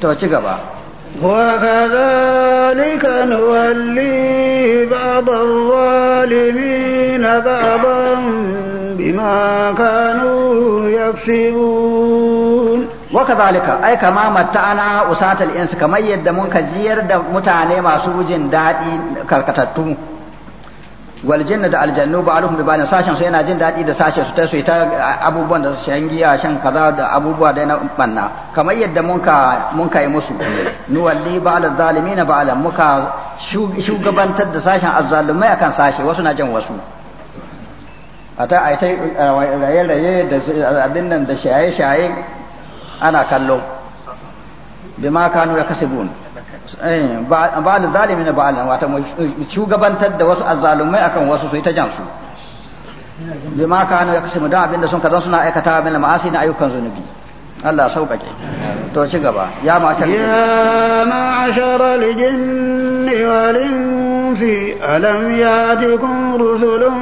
to ci gaba وكذلك نولي بعض الظالمين بعضا بما كانوا يكسبون وكذلك أي كما متعنا وساعة الإنس كما يدمون كزير متعني ما سوجين دادي كالكتتو wal jinna da aljannu alhum bi ba'alin sashin su yana jin daɗi da sashen su ta su ta abubuwan da shan giya shan kaza da abubuwa da na banna kamar yadda ka mun yi musu walli nuwalli ba'al zalimin ba'alan muka shugabantar da sashen azzalumai akan sashe wasu na jan wasu a ta ai ta raye-raye da abin nan da shaye-shaye ana kallo bima kanu ya kasibun Eh, ba'al zalimi na ba'al wata shugabantar da wasu azzalumai akan wasu su yi ta jansu bima ka hannu ya kashe mu don abinda sun kazan suna aikata min ma'asi na ayyukan zunubi Allah sauƙaƙe to ci gaba ya ma'ashar ya ma'ashar aljinni wal insi alam kun rusulun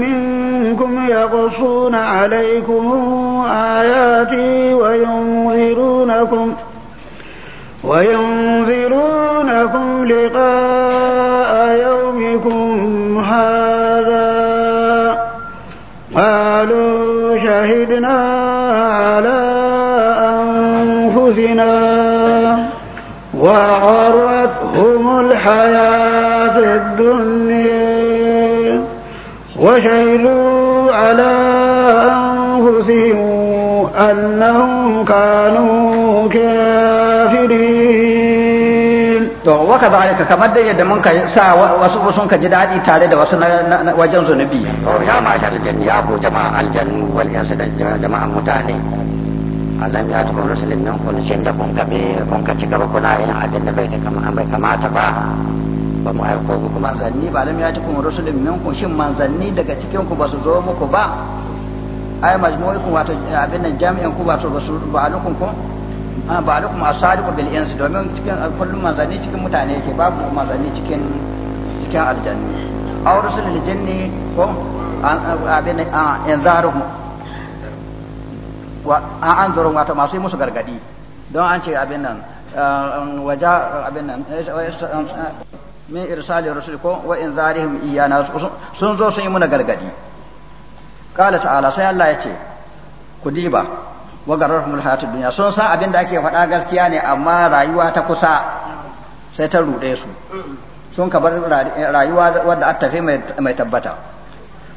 minkum yaqsuna alaykum ayati wa yunzirunakum وينذرونكم لقاء يومكم هذا قالوا شهدنا على أنفسنا وعرتهم الحياة الدنيا وشهدوا على أنفسهم أنهم كانوا waka zalika kamar da yadda mun ka sa wasu sun ka ji daɗi tare da wasu na wajen zunubi ya mashar janni ya ku jama'a aljannu wal yansu da jama'a mutane alam ya tuba rasulun nan kun shin da kun kabe kun ka ci gaba kuna yin abin da bai bai kamata ba ba mu aiko kuma zanni ba alam ya tuba rasulun nan kun shin manzanni daga cikin ku ba su zo muku ba ai majmu'ikum wato abin nan jami'an ku ba su ba alukun ku ba da kuma asadiqu bil ins domin cikin kullum manzanni cikin mutane yake babu manzanni cikin cikin aljannu aw rusulul jinni ko abin a inzaruhum wa an anzuru wato masu yi musu gargadi don an ce abin nan waja abin nan eh, eh, eh, min irsali rusul ko wa inzarihim iyana sun zo sun yi muna gargadi qala ta'ala sai Allah ya ce ku diba wa gararhumul hayatud dunya sun san abin da ake faɗa gaskiya ne amma rayuwa ta kusa sai ta ruɗe su sun ka bar rayuwa wadda an tafi mai tabbata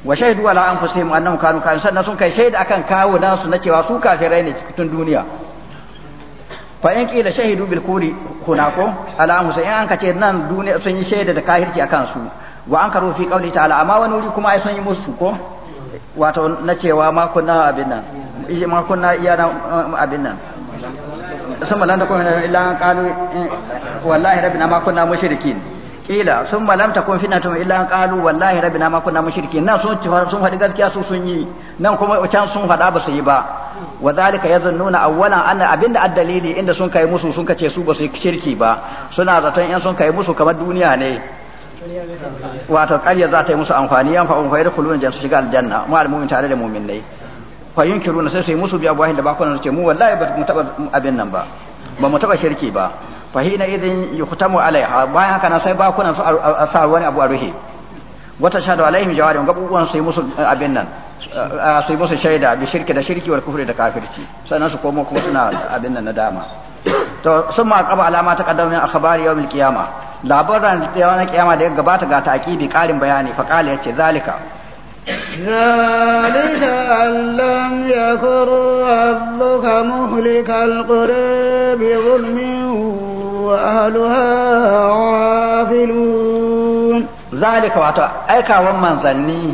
wa shahidu ala anfusihim annahum kanu kafirin sannan sun kai shaida akan kawo su na cewa su kafirai ne cikin duniya fa in qila shahidu bil kuri kunako ala anfusihim in an kace nan duniya sun yi shaida da kafirci akan su wa ankaru fi qawli ta'ala amma wani wuri kuma ai sun yi musu ko wato na cewa ma kunna abin nan yace ma kunna iyana eh, abin nan summa lam takun fitnatun ila an kalu eh, wallahi rabbina ma kunna mushrikin kila sun summa kuma fina fitnatun ila an kalu wallahi rabbina ma kunna mushrikin nan sun sun faɗi gaskiya su sun yi nan kuma can sun faɗa ba su yi ba wa zalika yazunnuna awwalan anna abinda addalili inda sun kai musu sun kace su ba su yi shirki ba suna zaton in sun kai musu kamar duniya ne wato ƙarya za ta yi musu amfani yan fa'un fa'ir kulun jan su shiga aljanna mu almu'min tare da mu'min ne fa yunkiruna sai su yi musu biya bahin da ba bakunan ce mu wallahi ba mu taba abin nan ba ba mu taba shirki ba fa hina idin yukhtamu alaiha bayan haka na sai bakunan su a sa wani abu a ruhe wata shahadu alaihim jawarin gabubuwan su yi musu abin nan su musu shaida bi shirki da shirki wal kufri da kafirci sannan su komo kuma suna abin nan na dama to sun ma kaba alama ta kaddama a akhbari yawmil qiyama labaran da yawan kiyama da ya gabata ga ta'kibi karin bayani fa qala yace zalika ذلك أن لم يكن ربك مهلك القرى بظلم وأهلها غافلون ذلك واتو أيكا ومن ظني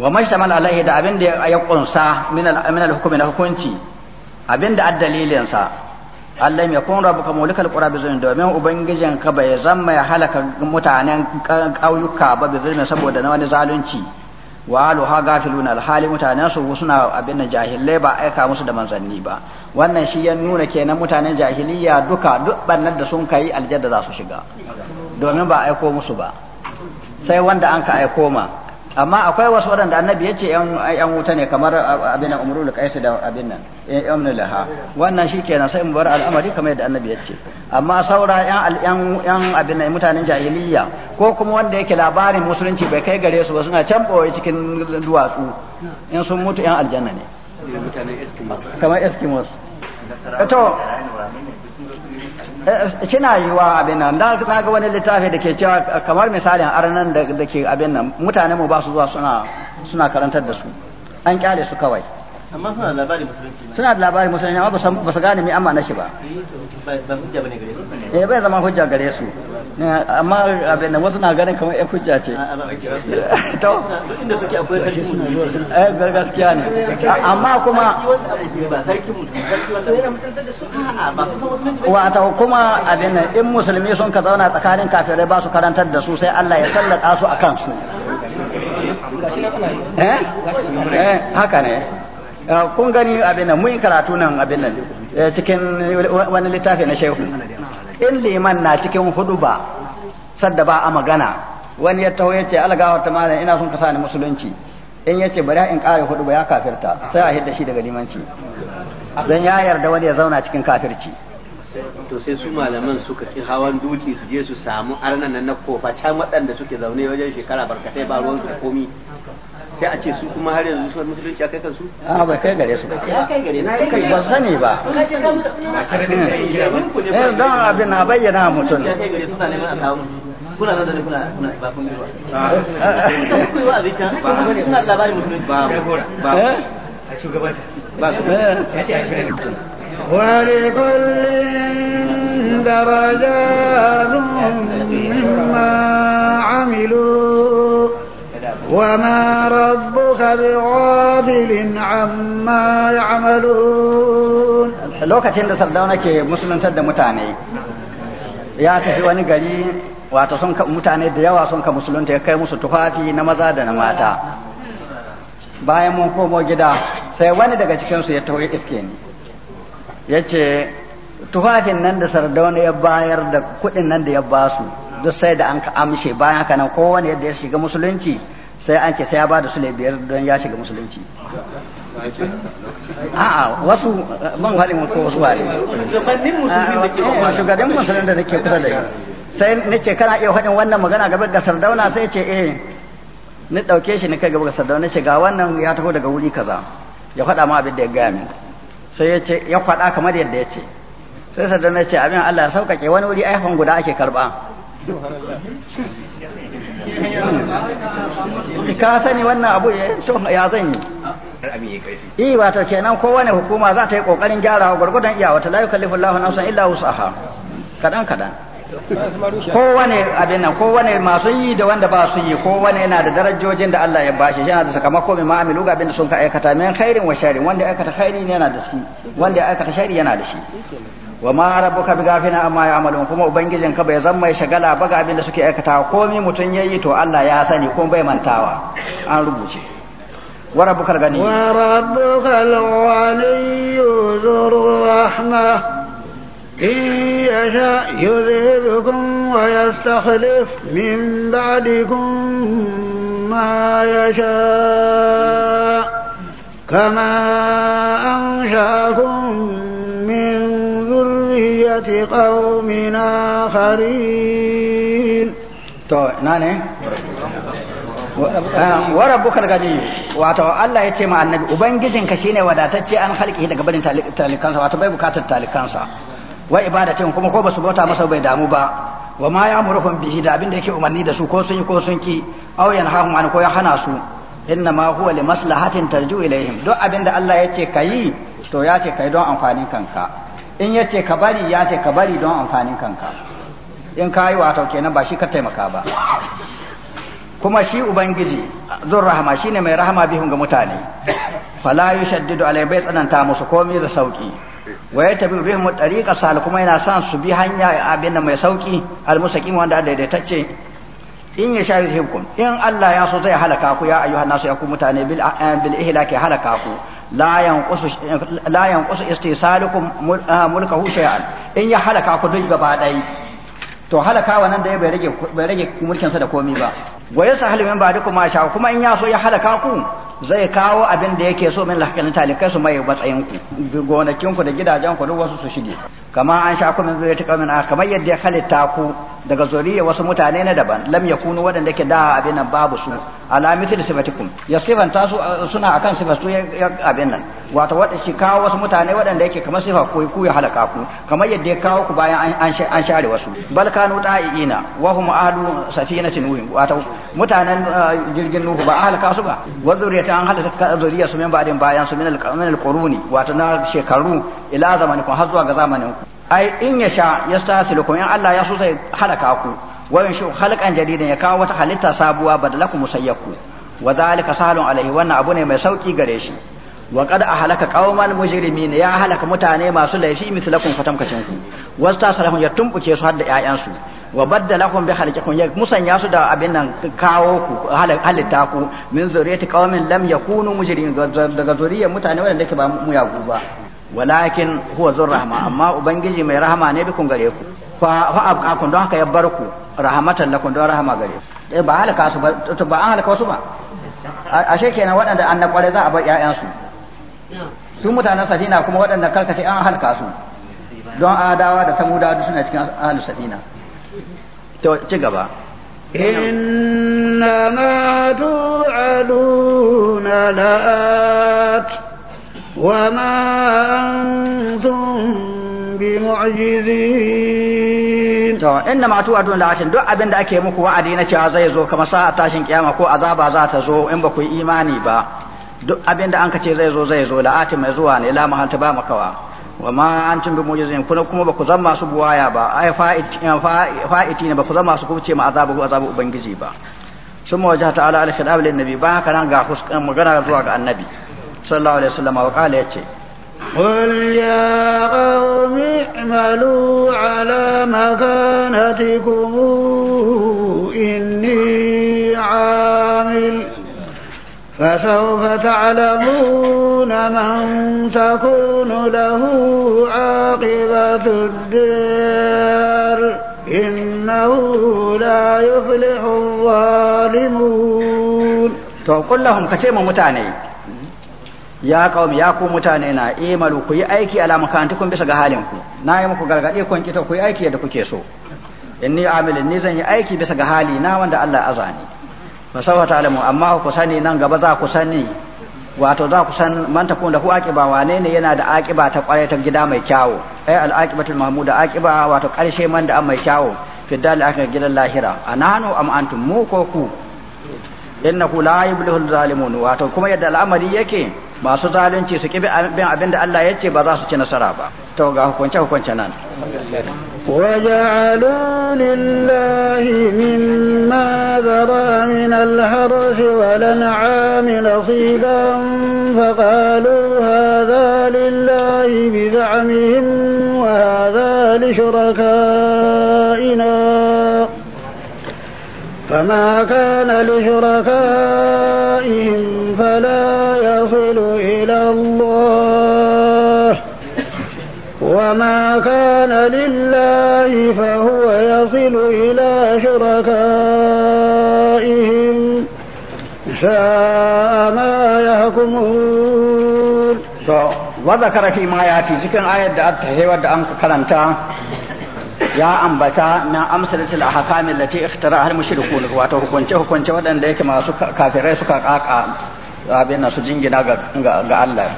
وما اشتمل عليه دا أبين دي أيقنصا من الحكم الحكمتي أبين دا الدليل ينصا Allah ya kun rabu ka mulkal qura bi zulmin domin ubangijin ka bai zama ya halaka mutanen kauyuka ba bi zulmin saboda na wani zalunci wa aluha gafilun alhali mutanen su suna abin jahilai ba aika musu da manzanni ba wannan shi ya nuna kenan mutanen jahiliya duka duk bannan da sun kai aljadda za su shiga domin ba aiko musu ba sai wanda an ka aiko ma amma akwai wasu waɗanda annabi ya ce ‘yan wuta ne kamar abin nan da kaisu da abin nan ‘yan laha wannan shi kenan sai mu bar al'amari kamar yadda annabi ya ce amma saura ‘yan abin nan mutanen jahiliya ko kuma wanda yake labarin musulunci bai kai gare su ba suna can ɓoye cikin duwatsu in sun mutu ‘yan aljanna ne kamar eskimos Eh, kina yi wa abin nan na ga wani littafi da ke cewa kamar misalin arnan da ke abin nan mutane mu ba su zuwa suna karantar da su an kyale su kawai amma suna da labarin musulunci suna da labarin musulunci amma ba su gane mai amma na shi ba eh, eh bai zama hujja gare su amma abin da wasu na ganin kamar ya hujja ce to inda suke akwai sarki mutum eh gaskiya ne amma kuma wata kuma abin nan in musulmi sun ka zauna tsakanin kafirai ba su karantar da su sai Allah ya sallaka su akan su eh? eh haka ne Eh, kun gani abin nan mun karatu nan abin nan eh, cikin wani littafi na shehu in liman na cikin hudu ba sadda ba a magana wani ya taho ya ce algawar ta malam ina son ka sani musulunci in yace ce bari in kare hudu ba ya kafirta sai a hidda shi daga limanci dan ya yarda wani ya zauna cikin kafirci to sai su malaman suka ki hawan duki su je su samu arnan nan na kofa can waɗanda suke zaune wajen shekara barkatai ba ruwan komi sai a ce su kuma har yanzu su musulunci kai kansu a ba kai gare su ba kai gare na kai ba sani ba eh don abin na bayyana mutum kai a kawo kuna nan da ne kuna kuna ba kun yi can ah. suna labarin musulunci ba eh? a shugabanta ba su ya ce a ولكل وما ربك بغافل عما يعملون lokacin da sardauna ke musuluntar da mutane ya tafi wani gari wato sun ka mutane da yawa sun ka musulunta ya kai musu tufafi na maza da na mata bayan mun komo gida sai wani daga cikinsu ya taho iske ni ya ce tufafin nan da sardauna ya bayar da kuɗin nan da ya basu duk sai da an ka amshe bayan haka nan kowane yadda ya shiga musulunci sai an ce sai ya ba da sule biyar don ya shiga musulunci a'a wasu ban halin ko wasu ware shugabannin musulun da ke kusa da sai na ce kana iya faɗin wannan magana gaba ga sardauna sai ce eh ni dauke shi ni kai gaba ga sardauna ce ga wannan ya taho daga wuri kaza ya faɗa ma abin da ya gaya min sai ya ce ya faɗa kamar yadda ya ce sai sardauna ce abin Allah ya sauƙaƙe wani wuri aifan guda ake karɓa Eh, ka sani wannan abu eh, ya zan yi Eh wato kenan kowane hukuma za ta yi kokarin gyarawa gwargwadon iyawa ta la yukallifu Allahu nafsan illa wus'aha kadan kadan kowane abin nan kowane masu yi da wanda ba su yi kowane yana da darajojin da Allah ya bashi yana da sakamako mai ma'amilu ga abin da sun ka aikata min khairin wa sharrin wanda aikata khairi yana da shi wanda aikata sharri yana da shi wa ma rabbuka bi gafina amma ya'malun kuma ubangijin ka bai zama mai shagala ba ga abin da suke aikatawa komai mutun yayi to Allah ya sani ko bai mantawa an rubuce wa rabbuka gani wa rabbuka al-waliyyu rahma إن يشاء يذهبكم ويستخلف من بعدكم ما يشاء كما أنشأكم ذرية قوم آخرين to ina ne ah, wa rabbuka gani wato Allah ya ce ma annabi ubangijinka shine wadatacce an halki daga barin talikansa wato bai bukatar talikansa wa ibadatin kuma ko basu bauta masa bai damu ba wa ma ya'muruhum bihi da abinda da yake umarni da su ko sun yi ko sun ki aw yanhahum ko ya hana su inna ma huwa li maslahatin tarju ilaihim duk abin da Allah ya ce kayi to yace ce kai don amfanin kanka in ya ce ka bari ya ce ka bari don amfanin kanka in ka yi wato kenan ba shi ka taimaka ba kuma shi ubangiji zur rahama shine mai rahama bihun ga mutane fala yushaddidu alai bai tsananta musu komai da sauki wa ya tabi bihim tariqa sal kuma yana san su bi hanya abin da mai sauki al mustaqim wanda daidaitacce in ya shayi hukum in Allah ya so zai halaka ku ya ayyuhan nasu ya ku mutane bil eh, ihlaki halaka ku la yanqusu la yanqusu istisalukum mulkahu shay'an in ya halaka ku duk gaba dai to halaka wannan da ya bai rage bai rage mulkin sa da komai ba wa yasahlu min ba'dikum ma sha kuma in ya so ya halaka ku zai kawo abin da yake so min lahkalin talikai su mai matsayin ku gonakin ku da gidajen ku duk wasu su shige kama an sha ku min zai ta kamar yadda ya halitta ku daga zuriya wasu mutane na daban lam yakunu waɗanda ke da abin nan babu su ala mithli sifatikum ya sifanta su suna akan sifar su abin nan wato wanda shi kawo wasu mutane waɗanda yake kamar sifa ko ku ya halaka ku kamar yadda ya kawo ku bayan an share wasu bal kanu da'iina wa hum ahlu safinatin nuh wato mutanen jirgin nuhu ba halaka su ba wa zuriyata an halaka zuriya su min ba'din bayan su min al-quruni wato na shekaru ila zamanikum har zuwa ga zamanin ku ai in ya sha ya stasilukum in Allah ya so zai halaka ku wa in shu khalqan jadidan ya kawo wata halitta sabuwa badalakum musayyaku wa dhalika sahalun alaihi wannan abu ne mai sauki gare shi wa qad ahlaka qauman mujrimin ya halaka mutane masu laifi mislakum fatamkacin ku wa stasalahum ya tumbuke su har da 'ya'yansu wa badalakum bi khalqikum ya musanya su da abin nan kawo ku halitta ku min zuriyati qaumin lam yakunu mujrimin daga zuriyar mutane wanda ke ba mu muyagu ba walakin huwa zur rahma amma ubangiji mai rahama ne bikun gare ku fa abqakum don haka ya bar ku rahmatan lakum don rahama gare ku eh ba halaka su ba ba an halaka su ba ashe kenan waɗanda an na kware za a bar ƴaƴan su su mutanen safina kuma waɗanda karkace an halaka su don adawa da samuda duk suna cikin ahlus safina to ci gaba إنما توعدون لآت وما أنتم بمعجزين to inna ma tu'adun la'atin duk abin da ake muku wa'adi na cewa zai zo kamar sa'a tashin kiyama ko azaba za ta zo in ba yi imani ba duk abin an ka ce zai zo zai zo la'atin mai zuwa ne la mahanta ba makawa wa ma antum bi mujizin kuma ba ku masu buwaya ba ai fa'iti eh, ne ba ku masu kuce ma azabu ko ubangiji ba sun mawajata ala al-khidab lin nabi ba nan ga eh, magana zuwa ga annabi sallallahu alaihi wasallam wa qala yace قل يا قوم اعملوا على مكانتكم إني عامل فسوف تعلمون من تكون له عاقبة الدار إنه لا يفلح الظالمون to kullahum ka ce ma mutane ya qaumi ya ku mutane na imalu eh, ku yi aiki ala kun bisa ga halin ku na yi muku gargaɗe kun kita ku yi aiki yadda kuke so inni amilin ni zan yi aiki bisa ga hali na wanda Allah azani fa sawfa ta'lamu amma ku sani nan gaba za ku sani wato za ku san manta ku da ku aqiba wane ne yana da aqiba ta kwarai ta gida mai kyawu ai eh, al aqibatul mahmuda aqiba wato karshe man da an mai kyawu fi dal aka gidan lahira ananu am antum mu ko ku innahu la yublihul zalimun wato kuma yadda al'amari yake masu zalunci su ki bin abin da Allah ya ce ba za su ci nasara ba to ga hukunce hukunce nan وجعلوا لله مما ذرى من الحرث والأنعام نصيبا فقالوا هذا لله بزعمهم وهذا لشركائنا فما كان لشركائهم فلا يصل إلى الله وما كان لله فهو يصل إلى شركائهم ساء ما يحكمون وذكر في ما ياتي ذكر آية أتهي ودأنك كلمتها ya ambata na amsalatul ahkam allati ikhtaraha al-mushrikun wato hukunce hukunce waɗanda yake masu kafirai suka kaka abin su jingina ga Allah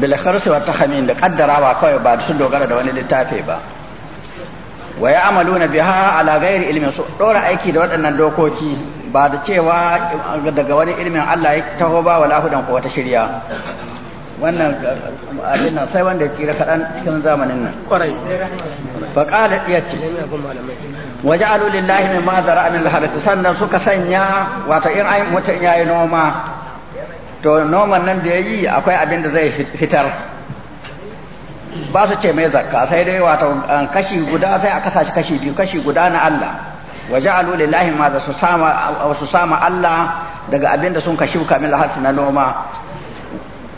bil kharsi wa tahmin da kaddarawa kawai ba su dogara da wani littafi ba wa ya'maluna biha ala ghairi ilmin su dora aiki da waɗannan dokoki ba da cewa daga wani ilmin Allah ya taho ba wala hudan ko wata shirya wannan abin nan sai wanda ya tsira kaɗan cikin zamanin nan Kwarai. fa qala yace wa ja'alu lillahi mimma zara'a min al sannan suka sanya wato in ai mutum yayi noma to noman nan da yayi akwai abin da zai fitar ba su ce mai zakka sai dai wato kashi guda sai a kasashe kashi biyu kashi guda na Allah waje ja'alu lillahi ma su sama su sama Allah daga abin da sun kashi kamil harsu na noma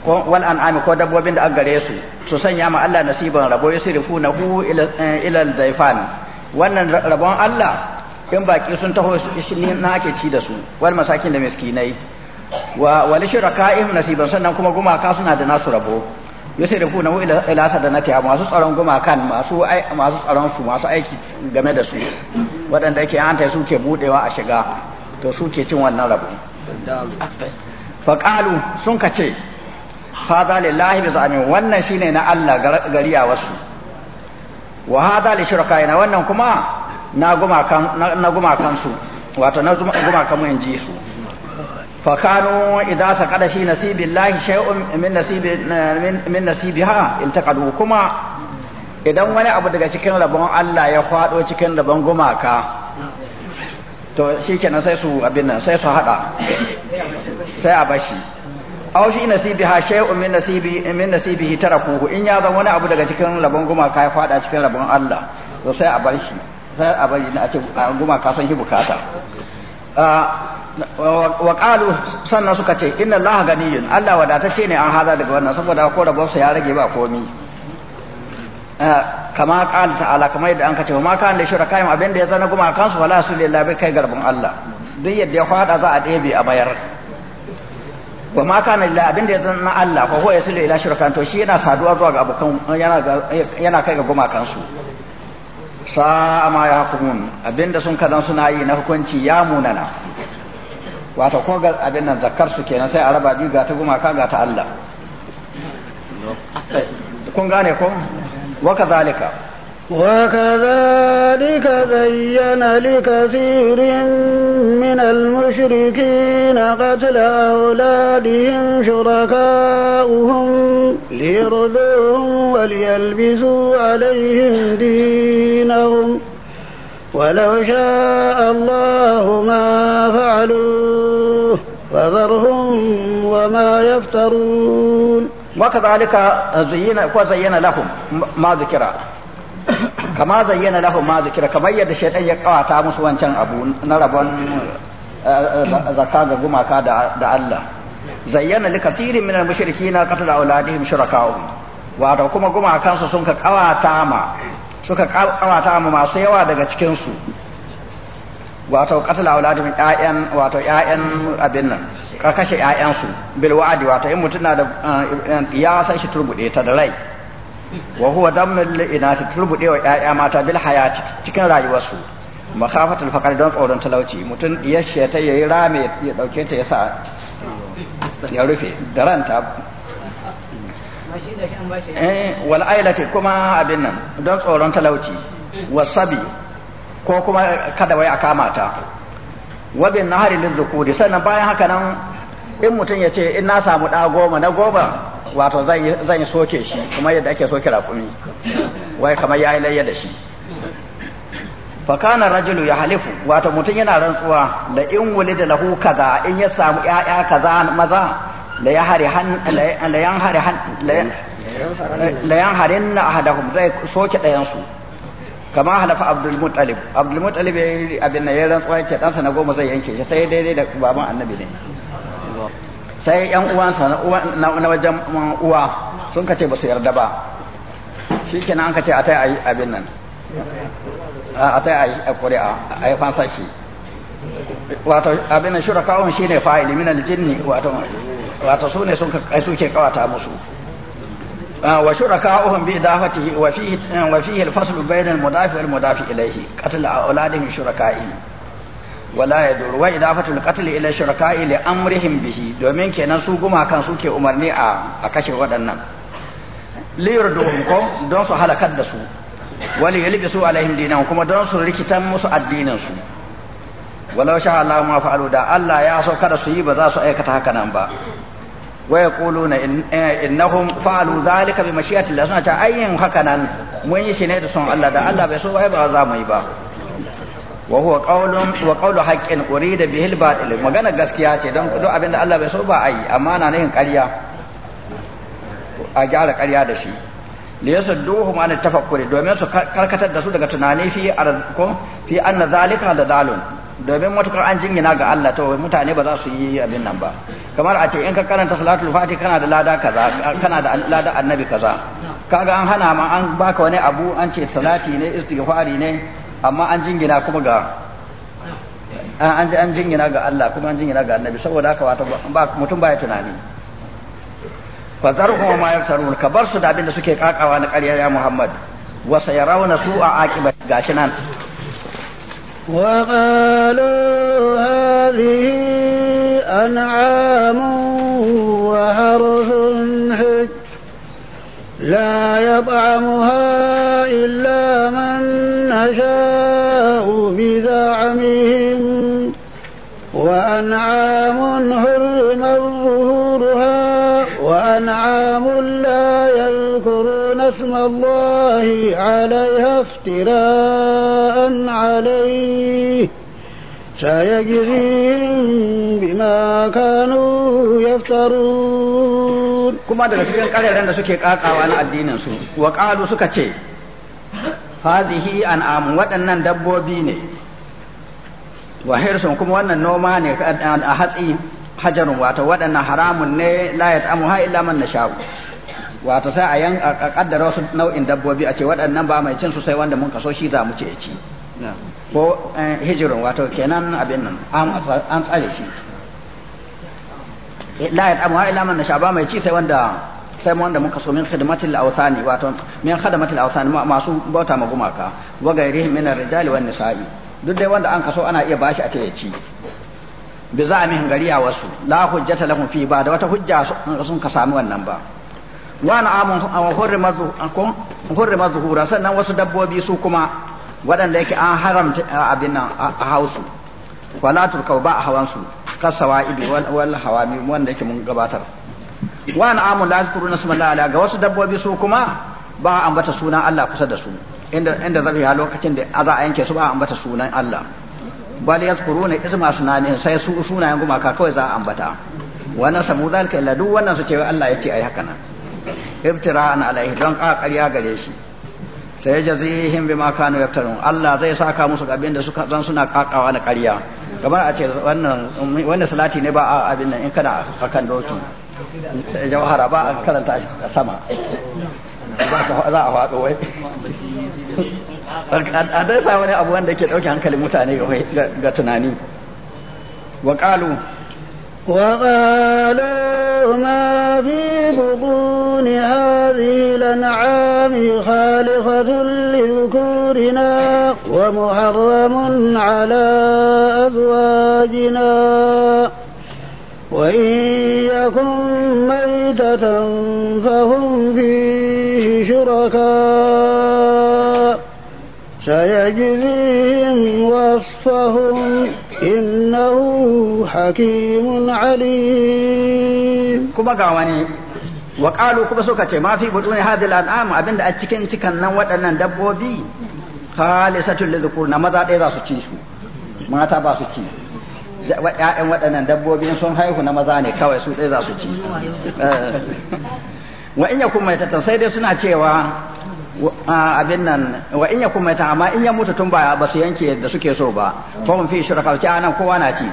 Ko wal an'ami ko dabbobin da an gare su su sanya ma Allah nasiban rabo yusrifu nahu ila eh, ila daifan wannan rabon Allah in baki sun taho na ake ci da su wal masakin da miskinai wa wal shuraka'ihim nasiban sannan kuma gumaka suna da nasu rabo yusrifu nahu ila ila sadanati masu tsaron gumakan masu masu tsaron su masu aiki game da su wadanda yake an su ke budewa a shiga to su ke cin wannan rabo faƙalu sun ka ce hada lillahi bi za'amin wannan shine na Allah gari a wasu wa hada li shurakaina wannan kuma na gumakan na kan su wato na gumakan mu ji su fa kanu idza saqada fi llahi shay'un min nasibi min nasibiha intaqadu kuma idan wani abu daga cikin rabon Allah ya kwado cikin rabon gumaka to shikenan sai su abin nan sai su hada sai a bashi aw shi nasibiha shay'un min nasibi min nasibihi tarakuhu in ya zama wani abu daga cikin rabon gumaka ya fada cikin rabon Allah to sai a bar shi sai a shi a ce gumaka san shi bukata ah, wa qalu sannan suka ce inna Allah ganiyun Allah wadatacce ne an hada daga wannan saboda ko rabon sa ya rage ba komi ah, kama qala ta'ala kama yadda an kace ma kan da shurakaim abinda ya zana gumakan su wala sulilla bai kai garbin Allah duk yadda ya fada za a ɗebe a bayar wa ma kana lillahi abinda ya na Allah fa huwa yasulu ila shirkan to shi yana saduwa zuwa ga abokan yana kai ga gumakan su sa ma ya kumun abinda sun dan suna yi na hukunci ya munana wato ko ga abin nan zakkar su kenan sai a raba biyu ga ta gumaka ga ta Allah kun gane ko wa kadhalika وكذلك زين لكثير من المشركين قتل أولادهم شركاؤهم ليردوهم وليلبسوا عليهم دينهم ولو شاء الله ما فعلوه فذرهم وما يفترون وكذلك زين لهم ما ذكر kama zayyana lahu ma zikira kamar yadda shaytan ya kawata musu wancan abu na rabon eh, eh, zakka ga gumaka da Allah zayyana li katirin minal mushrikina qatala auladihim shuraka'u wato kuma gumakansu sun ka kawata ma suka kawata ma masu yawa daga cikin su wato qatala auladihim ya'yan wato ya'yan abin nan ka kashe ya'yan su bil wa'di wato in mutuna da eh, ya sai shi turbude ta da rai wa huwa damnul li'inati turbudewa yaya mata bil hayati cikin rayuwarsu makhafatul faqar don tsoron talauci mutum ya sheta yayi rame ya dauke ta yasa ya rufe da ranta eh wal ailati kuma abin nan don tsoron talauci wasabi ko kuma kada wai a wabin nahari lil zukuri sannan bayan haka nan in mutum ya ce in na samu da goma na goma wato zan yi soke shi kuma yadda ake soke raƙumi wai kamar ya yi layya da shi fakana rajulu ya halifu wato mutum yana rantsuwa da in da lahu kaza in ya samu ya'ya kaza maza da ya hari yan hari harin na ahadahum zai soke ɗayansu. kama halafa abdul abdulmutalib ya yi abin da ya rantsuwa ya ce ɗansa na goma zai yanke shi sai daidai da baban annabi ne sai yan uwansa na wajen uwa sun kace ba su yarda ba shi kenan an kace a ta yi abin nan a ta yi a kuri'a a yi fansa shi wato abin nan shura kawon shi ne fa'ili min jini wato su ne sun kai suke kawata musu wa shura kawon bi dafati wa fihi wa fihi al-fasl bayna al-mudafi wal mudafi ilayhi qatl auladihim shuraka'ihim wala ya duru wa fatul qatl ila shuraka'i li amrihim bihi domin kenan su gumakan suke umarni a a kashe waɗannan li yurduhum ko don su halakar da su wali su alaihim dinan kuma don su rikitan musu addinin su walau sha Allah ma fa'alu da Allah ya so kada su yi ba za su aikata haka nan ba wa yaquluna eh, innahum fa'alu dhalika bi mashi'ati Allah suna ta ayyin haka nan mun yi shi ne da son Allah da Allah bai so ba za mu yi ba wa huwa qawlun wa qawlu haqqin urida bihi magana gaskiya ce don duk abinda Allah bai so ba ai amma na yin ƙarya a gyara ƙarya da shi li yasudduhum an tafakkuri domin su karkatar da su daga tunani fi arko fi anna zalika da dalun domin matukar an jingina ga Allah to mutane ba za su yi abin nan ba kamar a ce in ka karanta salatul fati kana da lada kaza kana da lada annabi kaza kaga an hana ma an baka wani abu an ce salati ne istighfari ne amma an jingina kuma ga an an jingina ga Allah kuma an jingina ga annabi saboda haka wata ba mutum baya tunani Fa zarhu ma ka bar su da abin da suke kakawa na ƙarya ya Muhammad wa sayarawna su'a aqibat gashi nan hadhihi an'amu wa harhun لا يطعمها إلا من نشاء بزعمهم وأنعام حرم ظهورها وأنعام لا يذكرون اسم الله عليها افتراء عليه سيجزيهم بما كانوا يفترون kuma daga cikin ƙareren da suke ƙaƙawa na addinin su wa ƙalu suka ce an amu waɗannan dabbobi ne wa hirsun kuma wannan noma ne a hatsi hajarun wato waɗannan haramun ne la amu ha illa man nasha'u wato sai a yan a kaddara wasu nau'in dabbobi a ce waɗannan ba mai cin su sai wanda mun kaso shi za mu ce ya ci ko eh, hijirin wato kenan abin nan an tsare shi la yad'amuha ila man nasha ba mai ci sai wanda sai wanda muka so min khidmatil awthani wato min khidmatil awthani masu bauta ma gumaka wa gairi min ar rijal wan nisa'i duk dai wanda an kaso ana iya bashi a ce ya ci bi za'amihin gari a wasu la hujjata lakum fi ba da wata hujja sun ka sami wannan ba wa na na'amun hurrima zuhura sannan wasu dabbobi su kuma waɗanda yake an haramta abin nan a hausu wala turkau ba a hawansu kasawa ibi wal hawami wanda yake mun gabatar wa na'amu la yazkuruna isma ala ga wasu dabbobi su kuma ba ambata sunan Allah kusa da su inda inda zabi ya lokacin da za a yanke su ba ambata sunan Allah bal yazkuruna isma sunanin sai su sunayen gumaka kawai za a ambata wannan sabu zalika illa duk wannan su ce Allah ya ce ai haka nan ibtira'an alaihi don ƙarya gare shi sai ya jazihim bima kanu yaftarun Allah zai saka musu abin da suka zan suna kakawa na ƙarya kamar a ce wannan wannan salati ne ba a abin nan in kana akan doki jawhara ba a karanta a sama za a faɗo wai a dai sa wani abu wanda yake ɗauke hankalin mutane ga tunani wa qalu وقالوا ما في بطون هذه الأنعام خالصة لذكورنا ومحرم على أزواجنا وإن يكن ميتة فهم فيه شركاء سيجزيهم وصفهم إنه حكيم عليم كما قاواني وقالوا كما سوكا ما في بطون هذه الأنعام أبن أتكين تكن نوات أن ندبو بي خالصة لذكورنا ماذا إذا سوچيشو ما تابا سوچي ‘ya'yan waɗannan dabbobin sun haihu na maza ne kawai su ɗaya za su ci wa in yakun mai tattan sai dai suna cewa abin nan wa in kuma ta amma in ya mutu tun baya ba su yanke da suke so ba fa mun fi shirka ci anan kowa na ci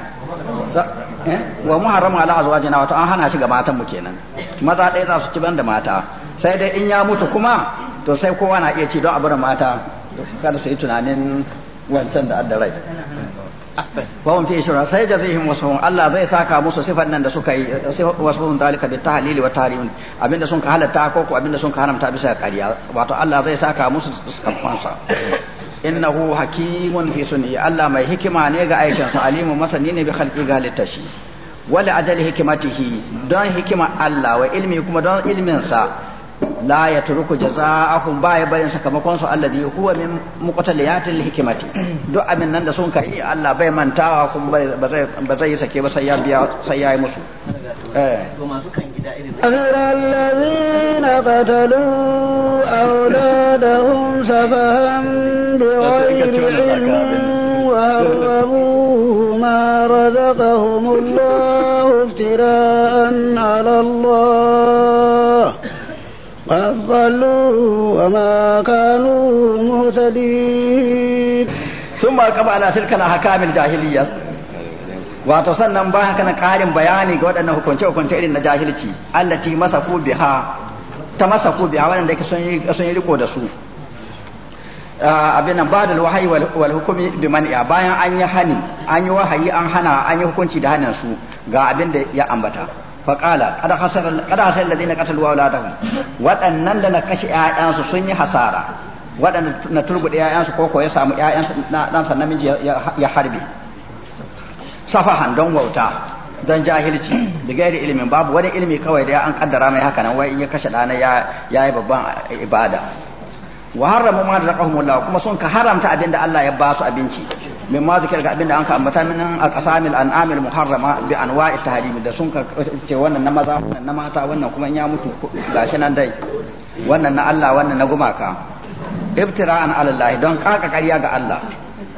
eh, wa muharram ala azwajina wato an hana shi ga matan mu kenan maza ɗaya za su ci banda mata sai dai in ya mutu kuma to sai kowa na iya ci don a bar mata kada su yi tunanin wancan da adda rai wa hum fi shura sai jazihim wasfahum Allah zai saka musu sifan nan da suka yi wasfahum dalika bit tahlili wa tahrim abinda sun ka halatta ko ko abinda sun ka haramta bisa ƙarya wato Allah zai saka musu sakamakon innahu hakimun fi sunni Allah mai hikima ne ga aikinsa sa alimu masani ne bi khalqi galittashi wala ajali hikimatihi don hikima Allah wa ilmi kuma don ilmin sa la ya turku jaza'ahum ba ya barin sakamakon su alladhi huwa min muqtaliyatil hikmati duk abin nan da sun kai Allah bai manta kuma ba zai ba sake ba sai ya biya sai ya yi musu eh to masu kan gida irin alladhina qatalu awladahum safahan bighayri ilmin wa harramu ma razaqahum Allah iftira'an 'ala Allah قد ضلوا وما كانوا مهتدين ثم أقبل على تلك الأحكام الجاهلية wato sannan ba haka na ƙarin bayani ga waɗannan hukunce-hukunce irin na jahilci allati masaku biha ta masaku biha waɗanda yake sun yi riko da su abin nan ba da wahayi wal hukumi bi man'a bayan an yi hani an yi wahayi an hana an yi hukunci da hanin su ga abin da ya ambata faƙala kada hasar kasa qatalu auladahum waɗannan da na kashe ƴaƴansu sun yi hasara waɗanda na turbuɗe ƴaƴansu ko ko samu ƴaƴansu dan sa namiji ya harbe safahan don wauta don jahilci da gairi ilimin babu wani ilimi kawai da an kaddara mai haka nan wai in ya kashe ɗana ya yi babban ibada wa harramu ma razaqahumullah kuma sun ka haramta abinda Allah ya basu abinci min ma zikir ga abinda an ka ambata min al qasamil an'amil muharrama bi anwa'i tahrim da sun ka ce wannan na maza wannan na mata wannan kuma ya mutu gashi nan dai wannan na Allah wannan na gumaka ibtira'an ala Allah don kaka ƙarya ga Allah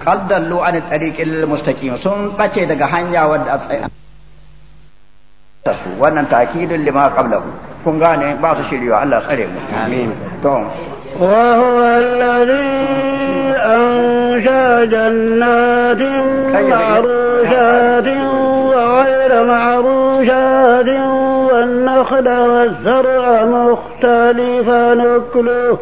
qaddallu an tariqil mustaqim sun bace daga hanya wadda wannan takidin lima qablahu kun gane ba amin وهو الذي أنشأ جنات إيه؟ معروشات وغير معروشات والنخل والزرع مختلفا أكله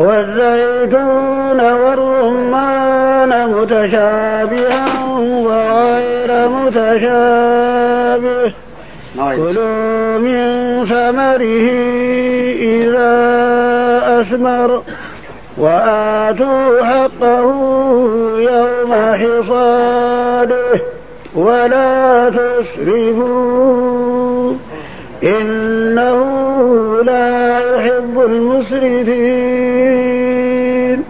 والزيتون والرمان متشابها وغير متشابه كلوا من ثمره إذا أثمر وآتوا حقه يوم حصاده ولا تسرفوا إنه لا يحب المسرفين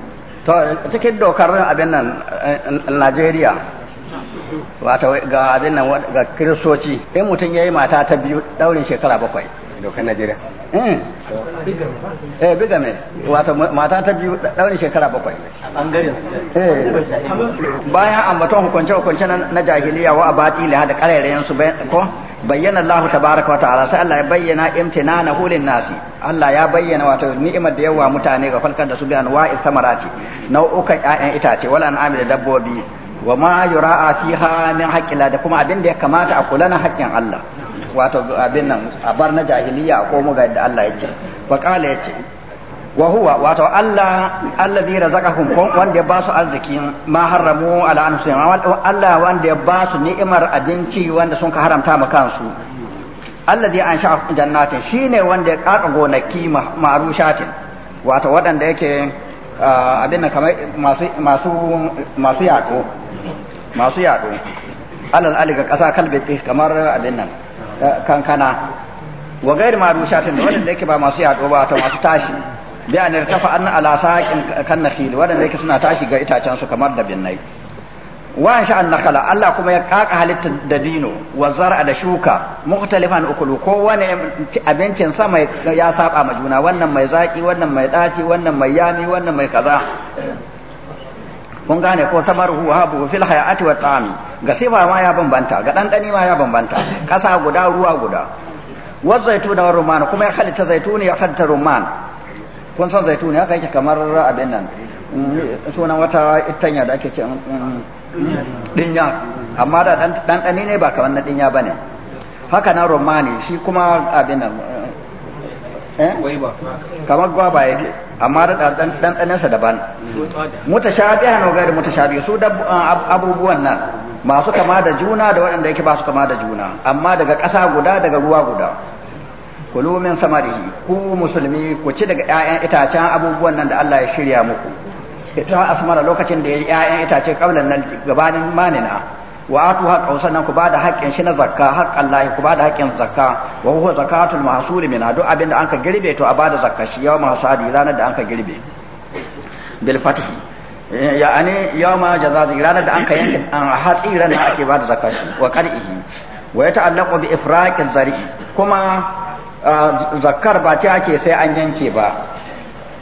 طيب تكدو كرن أبنا النيجيريا wata ga abin nan ga kiristoci in mutum ya yi mata ta biyu daurin shekara bakwai dokar najeriya hmm. eh biga me eh, wata mata ta biyu daurin shekara bakwai eh bayan ambaton hukunce hukunce na jahiliya wa abati da karairayen su ko bayyana Allah tabaraka ta'ala sai Allah ya bayyana imtina na hulin nasi Allah ya bayyana wato ni'imar da yawa mutane ga falkar da su bi anwa'i samarati nau'ukan 'ya'yan itace wala an'ami da dabbobi wa ma yura'a fiha min haqqila da kuma abin da ya kamata a kula na haƙƙin Allah wato abin nan a bar na jahiliya a komo ga yadda Allah ya ce wa qala ya ce wa huwa wato Allah allazi razaqahum wanda ya ba su arzikin ma haramu ala anfusihim Allah wanda ya ba su ni'imar abinci wanda sun ka haramta ma kansu allazi ansha jannatin shine wanda ya kaka gonaki marushatin wato waɗanda yake ah, abin nan kamar masu masu masu yaƙo masu yaɗo alal aliga ƙasa kalbi kamar abin nan eh, kankana wa gairi ma tun da wadanda yake ba masu yaɗo ba ta masu tashi bi ta irtafa an ala saqin kan nakhil wadanda yake suna tashi ga itacen su kamar da binnai wa sha an nakhala Allah kuma ya kaka halitta da dino wa zar'a da shuka mukhtalifan ukulu ko wani abincin sama mai ya saba ma juna wannan mai zaki wannan mai daci wannan mai yami wannan mai kaza kun gane ko samar huwa habu fil hayati wa ta'ami ga sifa ma ya bambanta ga dandani ma ya bambanta kasa guda ruwa guda wa zaitun wa rumman kuma ya halitta zaituni ya halitta rumman kun san zaituni haka yake kamar abin nan mm, sunan wata ittanya da ake ce mm, mm, dinya amma da dandani ne ba kamar na dinya bane haka na rumman shi kuma abin nan Eh? kamar ba yake amma da ɗanɗanensa daban mutashabihan wa gari biya su da abubuwan nan masu kama da juna da waɗanda yake ba su kama da juna amma daga ƙasa guda daga ruwa guda kulumin samarihi ku musulmi ku ci daga ƴaƴan itacen abubuwan nan da Allah ya shirya muku ita asmara lokacin da ya yi ƴaƴan itace kaulan nan gabanin manina wa atu haqqa sannan ku bada haƙƙin shi na zakka haƙƙan lahi ku bada haƙƙin zakka wa huwa zakatul mahsuli min duk abinda anka girbe to a bada zakka shi yawma hasadi ranar da anka girbe bil ya'ani yawma jazazi ranar da anka yanka hatsi ranar ake bada zakka shi wa qarihi wa yata'allaqu bi ifraqiz zari'i kuma ah, zakkar ba ce ake sai an yanke ba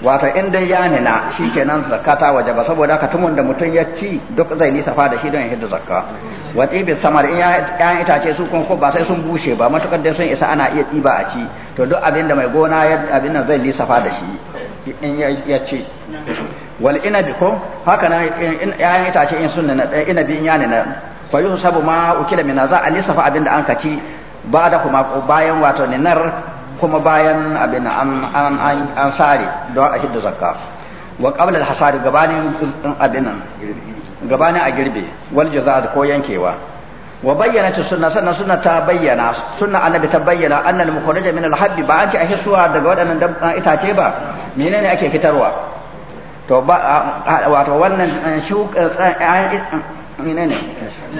Wato in dai ya nuna shi kenan zakata waje ba saboda haka tumun da mutum ya ci duk zai nisafa da shi don ya hidda zakka wa ibi samar in ya itace su kuma ba sai sun bushe ba matukar dai sun isa ana iya ɗiba a ci to duk abin da mai gona abin nan zai nisafa da shi in ya ci wal inabi ko haka nan ya itace in sun nina eh, inabi in ya nuna fa yusabu ma ukila mina za a lissafa abin da an ka ci ba da kuma bayan wato ninar kuma bayan abin an an an sare don a hidda zakka wa qabla al-hasad gabanin abin gabanin a girbe wal jazaa ko yankewa wa bayyana sunna sannan sunna ta bayyana sunna annabi ta bayyana annal mukhraja min al-habbi ba an ce a hisuwa daga waɗannan itace ba menene ake fitarwa to ba wato wannan eh, shuka eh, menene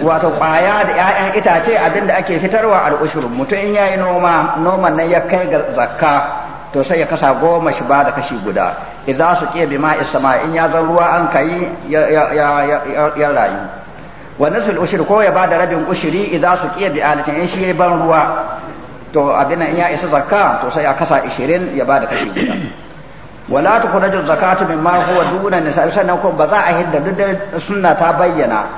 wato kwaya da ƴaƴan itace abinda ake fitarwa al'ushurun mutum in yayi noma noman nan ya kai ga zakka to sai ya kasa goma shi ba da kashi guda idza su ke bi ma isama in ya zan ruwa an kai ya rayu wa nisful ushur ko ya bada rabin ushuri idza su ke bi alatin in shi ban ruwa to abin in ya isa zakka to sai ya kasa 20 ya bada kashi guda wala تخرج zakatu مما هو دون nisa sannan ko ba za a hidda duk sunna ta bayyana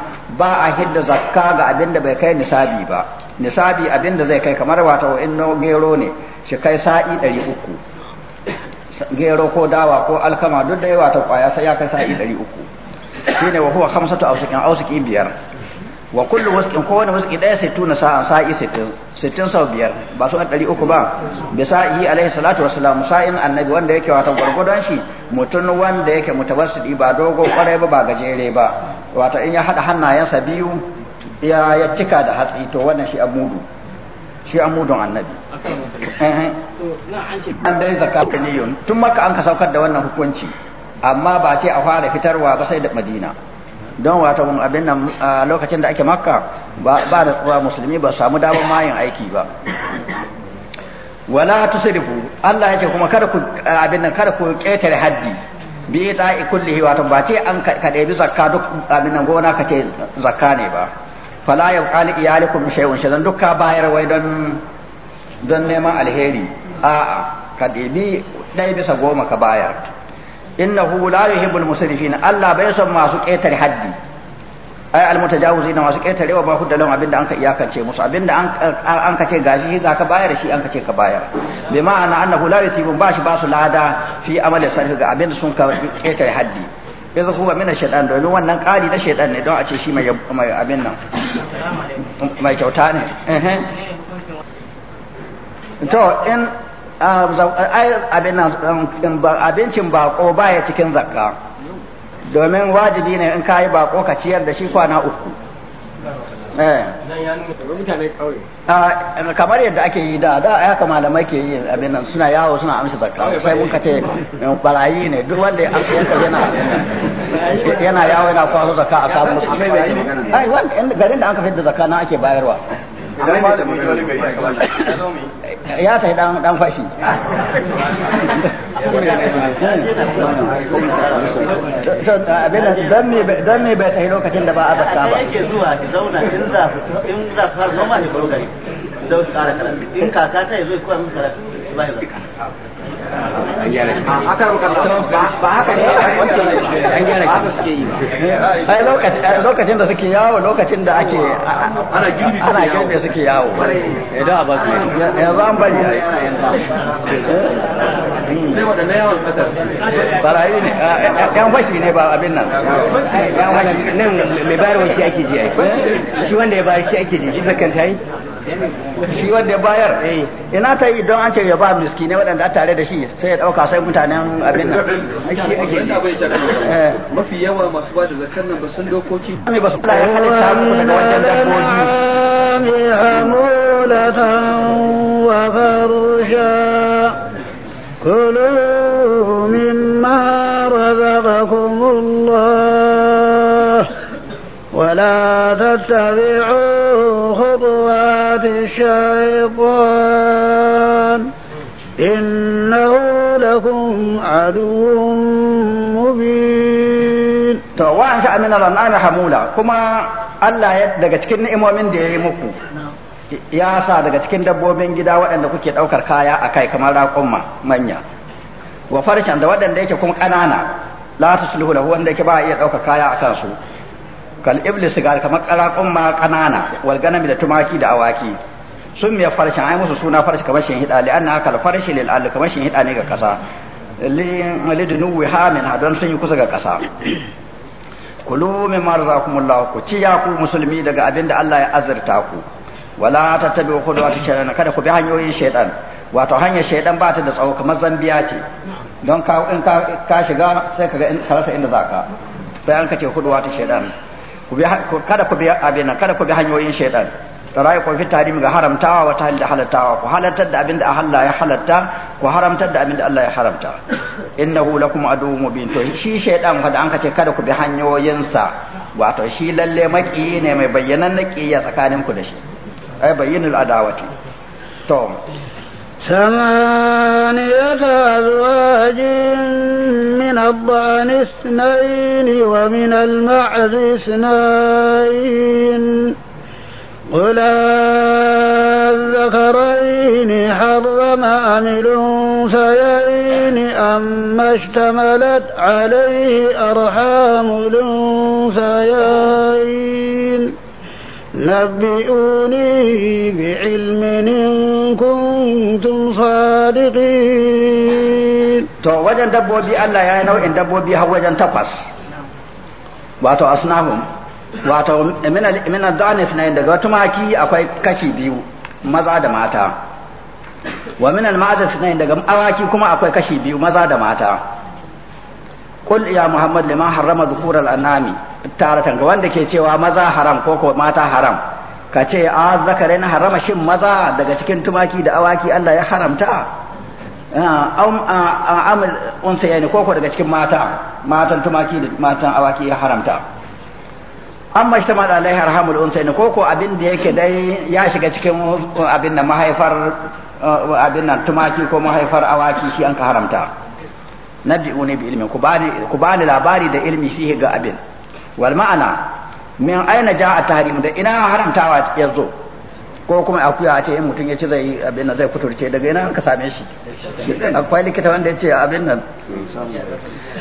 ba a hidda zakka ga abin da bai kai nisabi ba nisabi abin da zai kai kamar wata in gero ne shi kai sa'i ɗari uku gero ko dawa ko alkama duk da yawa ta kwaya sai ya kai sa'i ɗari uku shine wa huwa khamsatu ausukin ausuki biyar wa kullu wasqin ko wani wasqi daya sai tuna sa'a sa'i 60 60 sau biyar ba su a 300 ba bi sa'i alaihi salatu wassalam sa'in annabi wanda yake wata gurgudan shi mutun wanda yake mutawassidi ba dogo kwarai ba ba gajere ba wato in ya hada hannayensa biyu ya ya cika da hatsi to wannan shi amudu shi amudun annabi an dai zakat yun. tun maka an ka saukar da wannan hukunci amma ba ce a fara fitarwa ba sai da madina don wata abin nan lokacin da ake makka ba da musulmi ba samu damar mayin aiki ba wala tusrifu Allah ya ce kuma kada ku abin nan kada ku ƙetare haddi bi ta kullihi wato ba ce an ka bi zakka duk abin nan gona ka ce zakka ne ba fala ya qali iyalikum shay'un shadan dukka bayar wai don don neman alheri a'a ka ɗebi ɗaya bisa goma ka bayar innahu la yuhibbul musrifin Allah bai son masu ƙetare haddi ai al mutajawizin masu ƙetare wa ba da lahum abinda anka iyakance musu abinda an ka ce gashi shi zaka bayar shi an ka ce ka bayar Mai ma'ana annahu la yusibun ba shi ba su lada fi amali sarfi ga abinda sun ka ƙetare haddi ya zaku ba mina shaitan domin wannan ƙari na shaitan ne don a ce shi mai abin nan mai kyauta ne to in abincin bako baya cikin zakka domin wajibi ne in kayi bako ka ciyar da shi kwana uku eh. ah, kamar yadda ake yi da da haka malamai ke yi abin nan suna yawo suna amsa zakka sai mun kace barayi ne duk wanda an yanka yana yana yawo yana kwaso zakka a kawo musu ai wanda garin da aka fitar da zakka na ake bayarwa ya ta dan dan fashi dan me bai ta lokacin da ba a zakka ba yake zuwa ki zauna in za su in za su fara noma ne baro gari da su kara karatu in kaka ta yazo ya koya musu karatu ba ya zakka gyara lokacin da suke yawo lokacin da ake ana girbe suke yawo idan ba su yanzu an bari ne barayi ne yan fashi ne ba abin nan yan fashi nan mai bayarwa shi ake ji shi wanda ya bayar shi ake ji shi zakanta yi shi wanda bayar eh, ina ta yi don an ce ya ba miski ne a tare da shi sai ya ɗauka sai mutanen abin nan shi ake yi eh. mafi yawa masu ba da zakar nan ba san dokoki ba ba su kula ya halitta ku daga wajen dabbobi كلوا مما رزقكم الله ولا تتبعوا خطوات الشيطان إنه لكم عدو مبين to wa sha min al-an'ami kuma Allah ya daga cikin ni'imomin da yayi muku ya sa daga cikin dabbobin gida waɗanda kuke ɗaukar kaya a kai kamar raƙumma manya wa farshen da waɗanda yake kuma ƙanana la tusluhu lahu wanda yake ba iya ɗaukar kaya a kansu kal iblis ga kamar karakun ma kanana wal ganami da tumaki da awaki sun miya farshen ai musu suna farshi kamar shin hida li anna kal farshi lil al kamar shin hida ne ga kasa li lidnu ha hamin hadan sun yi kusa ga kasa kulu min marzakumullahu ku ci ya ku musulmi daga abinda Allah ya azurta ku wala tattabi'u khudwat shaytan kada ku bi hanyoyin shaytan wato hanyar shaidan ba ta da tsawo kamar zambiya ce don ka in ka shiga sai ka ga ka rasa inda zaka sai an kace huduwa ta shaidan ku bi kada ku bi abin nan kada ku bi hanyoyin shaytan tarai ku fi tarim ga haramtawa wa tahlil halatawa ku halattar da abin da Allah ya halatta ku haramtar da abin da Allah ya haramta innahu lakum aduwwun mubin to shi shaytan kada an kace kada ku bi hanyoyinsa wato shi lalle maki ne mai bayyanan naqiya tsakanin ku da shi ai bayyinul adawati to ثمانية أزواج من الضأن اثنين ومن المعز اثنين قل الذكرين حرم أم الأنثيين أما اشتملت عليه أرحام الأنثيين نبئوني بعلم إن كنتم صادقين to wajen dabbobi Allah ya yi nau'in dabbobi har wajen takwas wato asnahum wato min al-danif na daga tumaki akwai kashi biyu maza da mata wa min al daga awaki kuma akwai kashi biyu maza da mata qul ya muhammad liman harrama dhukural anami taratan ga wanda ke cewa maza haram ko ko mata haram ka ce a zakarai na harama shin maza daga cikin tumaki da awaki Allah ya haramta amul unsa yani koko daga cikin mata matan tumaki da matan awaki ya haramta amma shi tamar alaihi arhamul unsa ne koko abin da yake dai ya shiga cikin abin da mahaifar abin nan tumaki ko mahaifar awaki shi an ka haramta nabbi'uni bi ilmin ku bani ku bani labari da ilmi fihi ga abin wal ma'ana min aina ja'a tahrim da ina haramtawa ya zo ko kuma akuya a ce in mutum ya ci zai abin nan zai kuturce daga ina ka same shi akwai likita wanda ya ce abin nan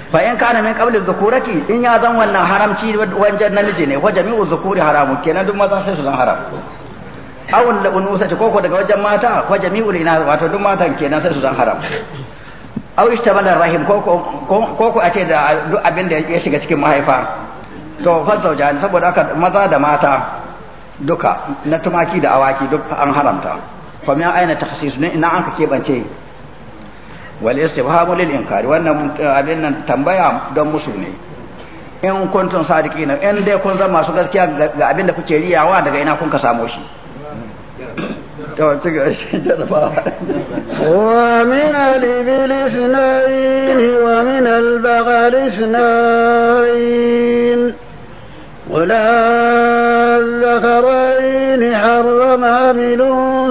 fa in kana min qabli zukurati in ya zan wannan haramci wajen namiji ne wa jami'u zukuri haramu kenan duk maza sai su zan haram awul la unusati ko ko daga wajen mata wajen jami'u ina wato duk matan kenan sai su zan haram ta ishtabala rahim ko ko a ce da duk abin da ya shiga cikin mahaifa to fasau ne saboda haka maza da mata duka na tumaki da awaki duk an haramta fa aina takhsis ne ina an ka kebance wal istibhamu lil inkari wannan eh, abin nan tambaya don musu ne in kuntum sadiqina in dai kun zama masu gaskiya ga abin da kuke riyawa daga ina kun ka samo shi ومن الإبل اثنين ومن البغل اثنين ولا الذكرين حرم عمل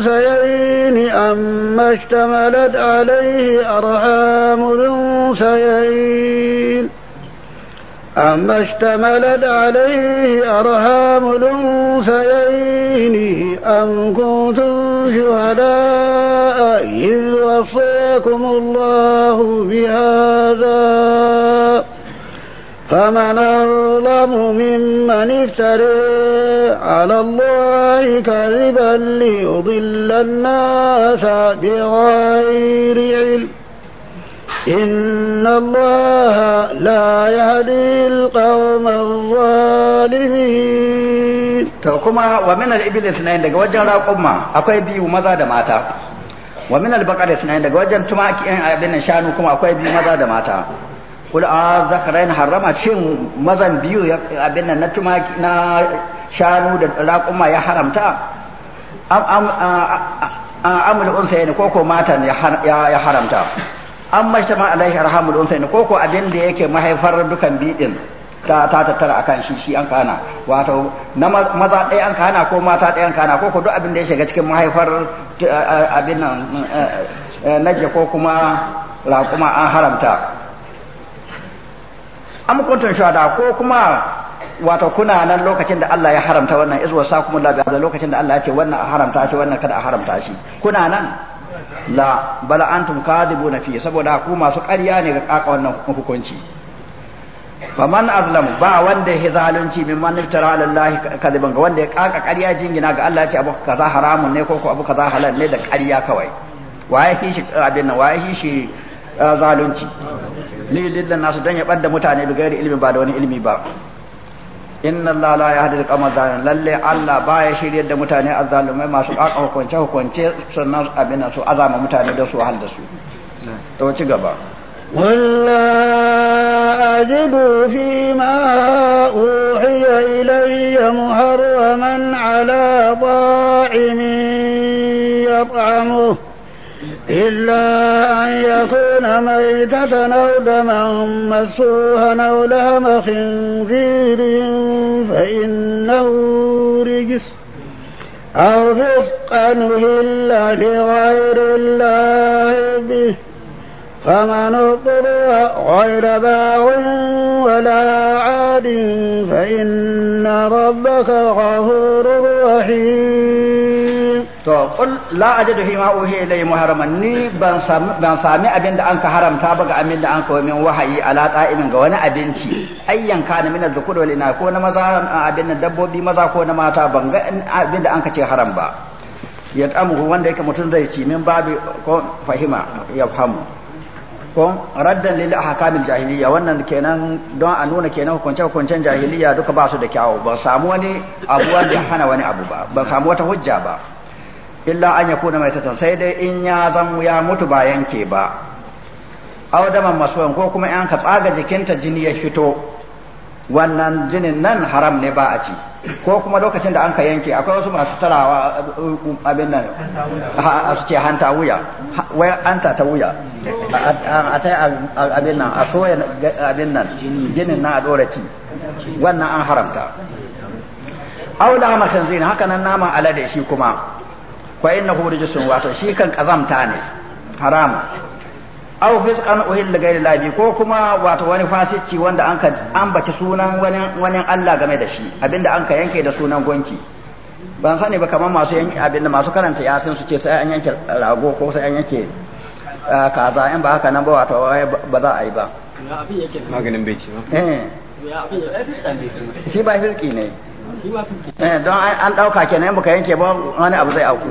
سيئين أما اشتملت عليه أرحام سيئين أما اشتملت عليه أرحام الأنثيين أم كنتم شهداء إذ وصيكم الله بهذا فمن أظلم ممن افترى على الله كذبا ليضل الناس بغير علم إن الله لا يهدي القوم الظالمين to kuma wa min al-ibil ithnain daga wajen raƙumma akwai biyu maza da mata wa min al-baqar ithnain daga wajen tumaki ɗin eh, abin shanu kuma akwai biyu maza da mata kul a zakarain harrama shin mazan biyu abin nan na tumaki na shanu da raƙumma ya haramta am am amul unsa ko koko matan ya haramta An mashi ma alaihi arhamul unsayn ko ko abin da yake mahaifar dukan bidin ta ta tattara akan shi shi an kana wato na maza ɗaya an kana ko mata ɗaya an kana ko ko duk abin da ya shiga cikin mahaifar eh, abin nan eh, eh, naje ko kuma raƙuma an haramta am kuntum shuhada ko kuma wato kuna nan lokacin da Allah ya haramta wannan izwa sakumullahi kuma da lokacin da Allah ya ce wannan a haramta shi wannan kada a haramta shi kuna nan la bala antum kadibuna fi saboda ku masu ƙarya ne ga kaka wannan hukunci faman Azlam ba wanda ya zalunci min man iftara ala Allah kadiban ga wanda ya kaka ƙarya jingina ga Allah ya ce abu kaza haramun ne ko ko abu kaza halal ne da ƙarya kawai waye shi shi abin nan waye shi eh, zalunci li lillahi nasu dan ya ɓadda mutane bi gairi ilmi ba da wani ilmi ba inna Allah la yahdi al-qawma zalimin lalle Allah baya shiryar da mutane azzalumai masu kaka hukunce hukunce sannan abin su azama mutane da su hal da su to ci gaba قل ajidu fi ma uhiya ilayya muharraman ala طاعم يطعمه إلا أن يكون ميتة أو دما مسوها أو لهم خنزير فإنه رجس أو فسقا إلا لغير الله به فمن اضطر غير باغ ولا عاد فإن ربك غفور رحيم to qul la ajadu hima uhi ilay muharraman ni ban sami ban sami abin da anka haramta ba ga abin da anka min wahayi ala ta'imin ga wani abinci ayyan kana min az-zukur wal ko na maza abin da dabbobi maza ko na mata ban ga abin da anka ce haram ba ya tamu wanda yake mutum zai ci min babu ko fahima ya fahimu ko raddan lil ahkamil jahiliya wannan kenan don a nuna kenan hukunce hukuncen jahiliya duka ba su da kyawu ban samu wani abu wanda hana wani abu ba ban samu wata hujja ba illa an yakuna maitatan sai dai in ya zan ya mutu ba yanke ba aw daman masuwan ko kuma in ka tsaga jikinta jini ya fito wannan jinin nan haram ne ba a ci ko kuma lokacin da an ka yanke akwai wasu masu tarawa abin nan a su ce hanta wuya wai hanta ta wuya a ta abin nan a soya abin nan jinin na a dora ci wannan an haramta aula makanzin haka nan naman alade shi kuma fa innahu rijsun wato shi kan kazamta ne haram aw fisqan uhil ghairi labi ko kuma wato wani fasici wanda an ka ambace sunan wani wani Allah game da shi abinda an ka yanke da sunan gonki ban sani ba kamar masu yanke abinda masu karanta yasin su ce sai an yanke rago ko sai an yanke kaza in ba haka nan ba wato ba za a yi ba maganin bai ce ba eh shi ba fisqi ne Eh, don an ɗauka kenan baka yanke ba wani abu zai auku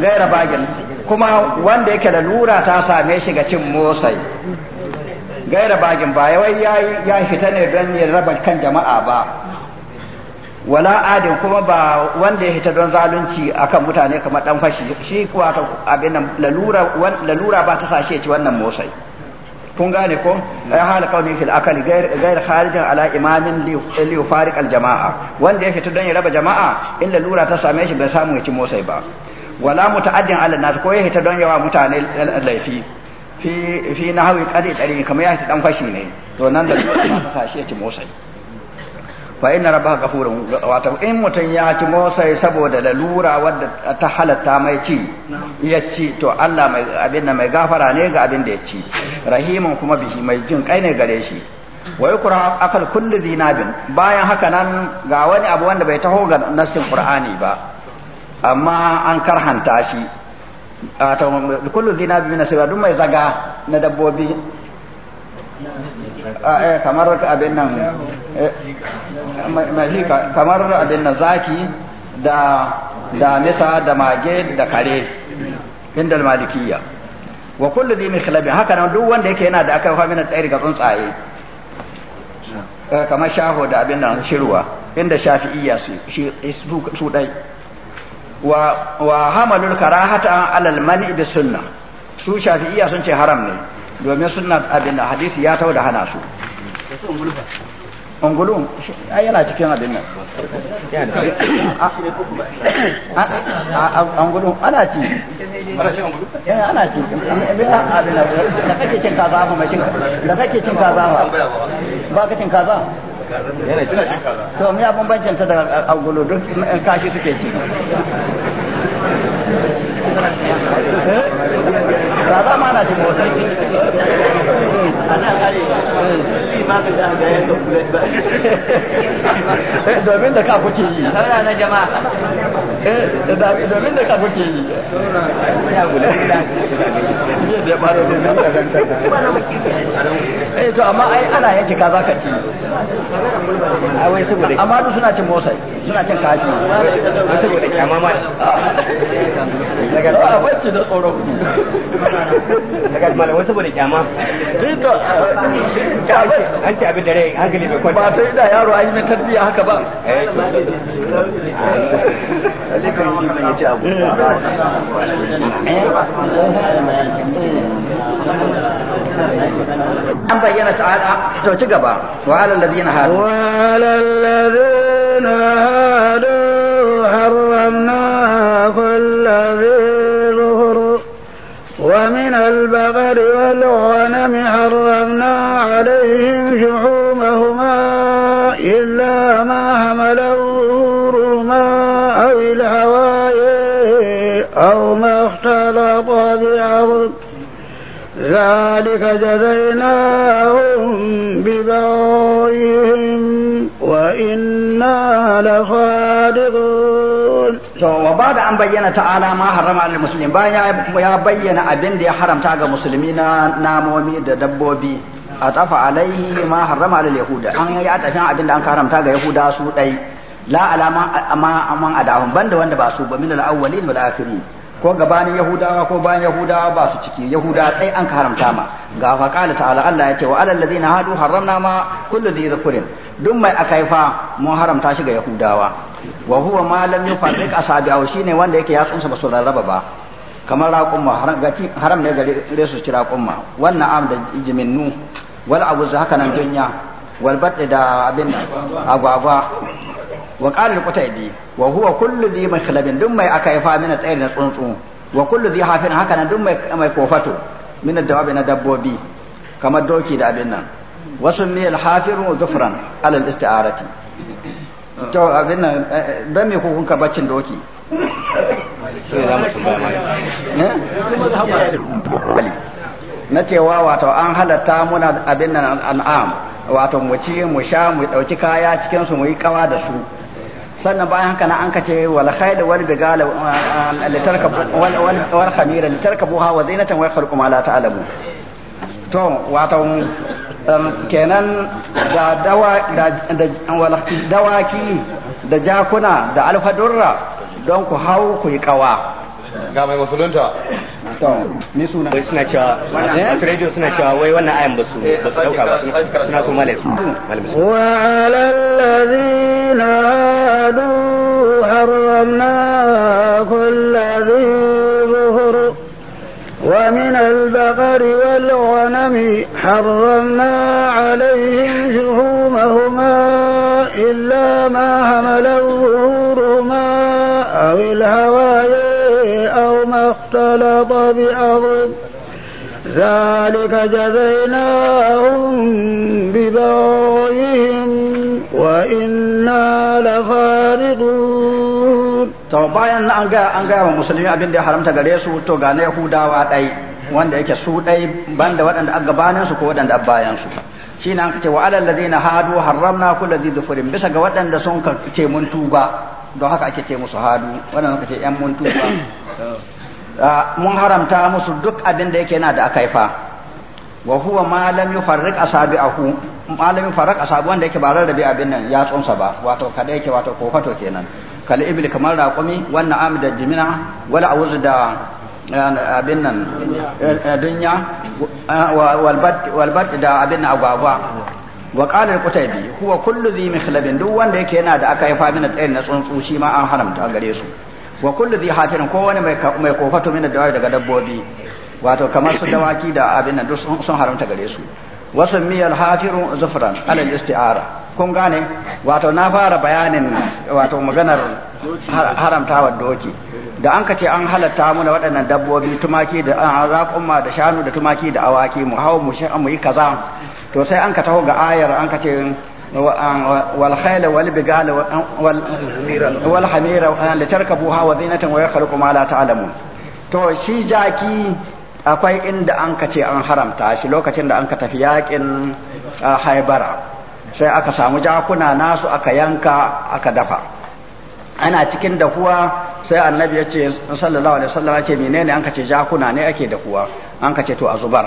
gaira bagin kuma wanda yake da lura ta same shi ga cin motsai gaira bagin ba yawai ya fita ne don ya raba kan jama'a ba wala adin kuma ba wanda ya hita don zalunci akan mutane kamar dan fashi shi kuwa abin lalura ba ta sashe ci wannan motsai kun gane ko ya hala kaunin fil akali gair kharijin ala imanin li yufariq al jama'a wanda ya fita don ya raba jama'a illa lura ta same shi bai samu ya ci mosai ba wala muta'addin ala nas ko ya fita don yawa mutane laifi fi fi nahwi qadi dari kamar ya fita dan fashi ne to nan da ta sashe ya ci fa inna rabbaka ghafurun wato in mutum ya ci mosai saboda lalura wadda ta halatta mai ci ya ci to Allah mai abin mai gafara ne ga abin da ya ci rahimun kuma bihi mai jin kai ne gare shi wai yukra akal kulli dinabin bayan haka nan ga wani abu wanda bai taho ga nassin qur'ani ba amma an karhanta shi a kullu dinabin sai duk mai zaga na dabbobi Ah, eh, kamar abin nan eh, kamar abin nan zaki da da misa da mage da kare inda malikiya wa kullu dhi mikhlabi haka nan duk wanda yake yana da aka fa mina tsayir ga tsuntsaye eh, kamar shaho da abin nan shirwa inda shafi'iyya su su dai wa wa hamalul karahata alal man'i ibi suna. su shafi'iyya sun ce haram ne domin suna abin da hadisi ya tau da hana su ungulu ai yana cikin abin nan ungulu ana ci eh, ana ci abin da kake cin kaza ba mai cin da kake cin kaza ba ba ka cin kaza to me abun bancin ta da ungulu duk eh, kashi suke ci eh? za ma na ci sarki Eh, domin da ka kuke yi na jama'a eh, domin da ka kuke yi jiya da ya fara domin da ganta eh to amma ai ana yanke ka zaka ci wai saboda amma duk suna cin motsai suna cin kashi wai saboda kyama a wacce da tsoro daga malam wai saboda to an ci abin da rai hankali bai kwanta ba ta yi da yaro an yi mai tarbiyya haka ba an bayyana ta'ala to ci gaba wa alal ladina hadu wa alal ladina hadu harramna kullu ومن البقر والغنم حرمنا عليهم شحومهما إلا ما حمل ظهورهما أو الحوايا أو ما اختلط بأرض ذلك جزيناهم ببغيهم وإنا لصادقون to wa ba da an bayyana ta'ala ma harama al muslim bayan ya bayyana abin da ya haramta ga musulmi na namomi da dabbobi a tafa alaihi ma harama al yahuda an yi tafi abin da an haramta ga yahuda su dai la alama amma amman adahum banda wanda ba su ba min al awwalin wal akhirin ko gabanin yahudawa ko bayan yahudawa ba su ciki yahuda dai an haramta ma ga fa qala ta'ala Allah ya ce wa alal ladina hadu haramna ma kullu dhikrin duk mai akaifa mun haramta shi ga yahudawa wa huwa ma lam yufarriq asabi'ahu shine wanda yake sa ba su rarraba ba kamar raqumma haram gati haram ne ga resu ci raqumma wannan am da jiminnu wal abu haka nan dunya wal badda da abin agwagwa wa qala al-qutaybi wa huwa kullu dhi makhlabin dum mai aka yafa min tsayir na tsuntsu wa kullu dhi hafin haka nan dum mai mai kofato min dawabi na dabbobi kamar doki da abin nan wasu mil hafiru zufran alal isti'arati to abin nan don eh, eh, me ka bacin doki eh? na cewa wato an halatta muna abin nan an'am wato mu ci mu sha mu dauki kaya cikin su mu yi kawa da su sannan bayan haka na an ka ce wal khayl wal bigal litarkabu wal wal khamira litarkabuha wa zinatan wa khalqu ma la ta'lamu to wato kenan da dawaki da jakuna da alfadurra don ku hau ku yi kawa ga mai musulunta ni suna wai suna cewa masu eh? radio suna cewa wai wannan ayan ba su eh, dauka ba suna so malai hmm. su wa alallazina adu harramna kulladhin البقر والغنم حرمنا عليهم شحومهما إلا ما حملت ظهورهما أو الهواي أو ما اختلط بأرض ذلك جزيناهم ببغيهم وإنا لصادقون to bayan an ga an ga wa musulmi abin da ya haramta gare su to ga na Yahudawa dai wanda yake su ɗai banda waɗanda aka gabanin su ko waɗanda aka bayan su ne an kace wa alal ladina hadu harramna kullu dhi dhufrin bisa ga waɗanda sun ce mun tuba don haka ake ce musu hadu waɗanda kace yan mun tuba ah, mun haramta musu duk abin da yake yana da akaifa wa huwa ma lam yufarriq asabi'ahu ma lam yufarriq asabi wanda yake ba rarrabe abin nan ya tsonsa ba wato kada yake wato kofato kenan kal ibil kamar raqumi wannan amida jimina wala awuz da abin nan dunya walbat da abin agwagwa wa qala al-qutaybi huwa kullu dhi mikhlabin duk wanda yake yana da aka haifa min tsayin na tsuntsu shi ma an haramta gare su wa kullu dhi hafirin ko wani mai mai kofato min dawayi daga dabbobi wato kamar su dawaki da abin nan duk sun haramta gare su wa summiya al-hafiru zufran ala al-isti'ara kun gane wato na fara bayanin wato maganar haramta wa doki da an ka ce an halatta muna waɗannan dabbobi tumaki da raƙumma da shanu da tumaki da awaki mu hau mu yi kaza to sai an ka taho ga ayar an ka ce wal khayla wal wal hamira wa zinatan wa yakhluqu ma la ta'lamun to shi jaki akwai inda an ka ce an haramta shi lokacin da an ka tafi yakin haibara sai aka samu jakuna nasu aka yanka aka dafa ana cikin dahuwa sai annabi ya ce sallallahu alaihi wasallam ya ce menene an kace jakuna ne ake dahuwa an kace to a zubar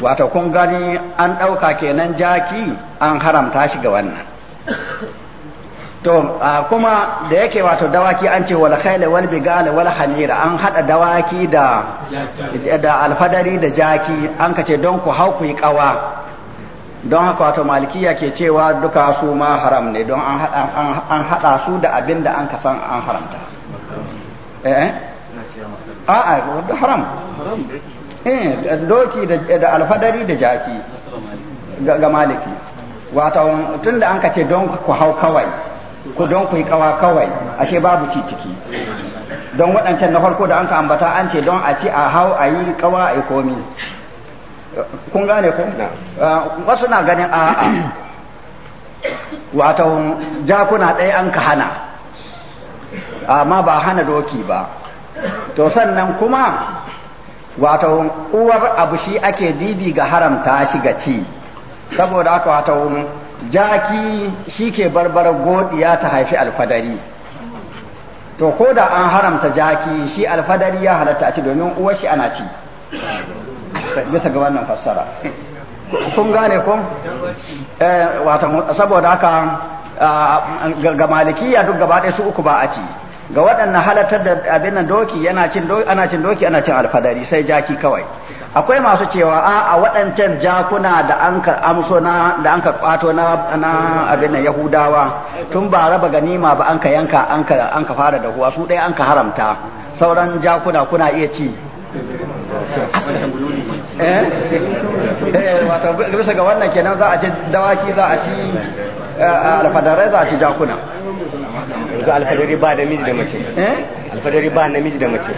wato kun gani an ɗauka kenan jaki an haramta shi ga wannan to kuma da yake wato dawaki an ce wal khayla wal bigala wal hamira an hada dawaki da da alfadari da jaki an kace don ku hau ku yi kawa don haka wato malikiya ke cewa duka su ma haram ne don an haɗa su da abin da an kasan an haramta eh, eh? a'a haram eh, doki da alfadari da jaki ga maliki wato tun da an ka ce don ku hau kawai ku don ku yi kawa kawai ashe babu ci ciki don waɗancan na farko da an ka ambata an ce don a ci a hau a yi kawa a yi komi kun gane ko ah, wasu na ganin a'a wato jakuna ɗaya an ka hana amma ba hana doki ba to sannan kuma wato uwar abu shi ake dibi ga haramta shi ga ci saboda wata wato jaki shi ke barbar godiya ta haifi alfadari to ko da an haramta jaki shi alfadari ya halatta ci domin uwar shi ana ci bisa ga wannan fassara kun gane ko eh, saboda haka ga malikiya duk gaba ɗaya su uku ba a ci ga waɗannan halatar da abin doki yana cin doki ana cin doki ana cin alfadari sai jaki kawai akwai masu cewa a a waɗancan jakuna da an ka amso na da an ka kwato na na abin nan yahudawa tun ba raba ganima ba an ka yanka an ka fara da su ɗaya an ka haramta sauran jakuna kuna iya ci Eh? eh wato bisa ga wannan kenan za a ci dawaki za a ci eh, alfadarai za a ci jakuna yanzu alfadari ba da miji da mace eh? alfadari ba namiji da mace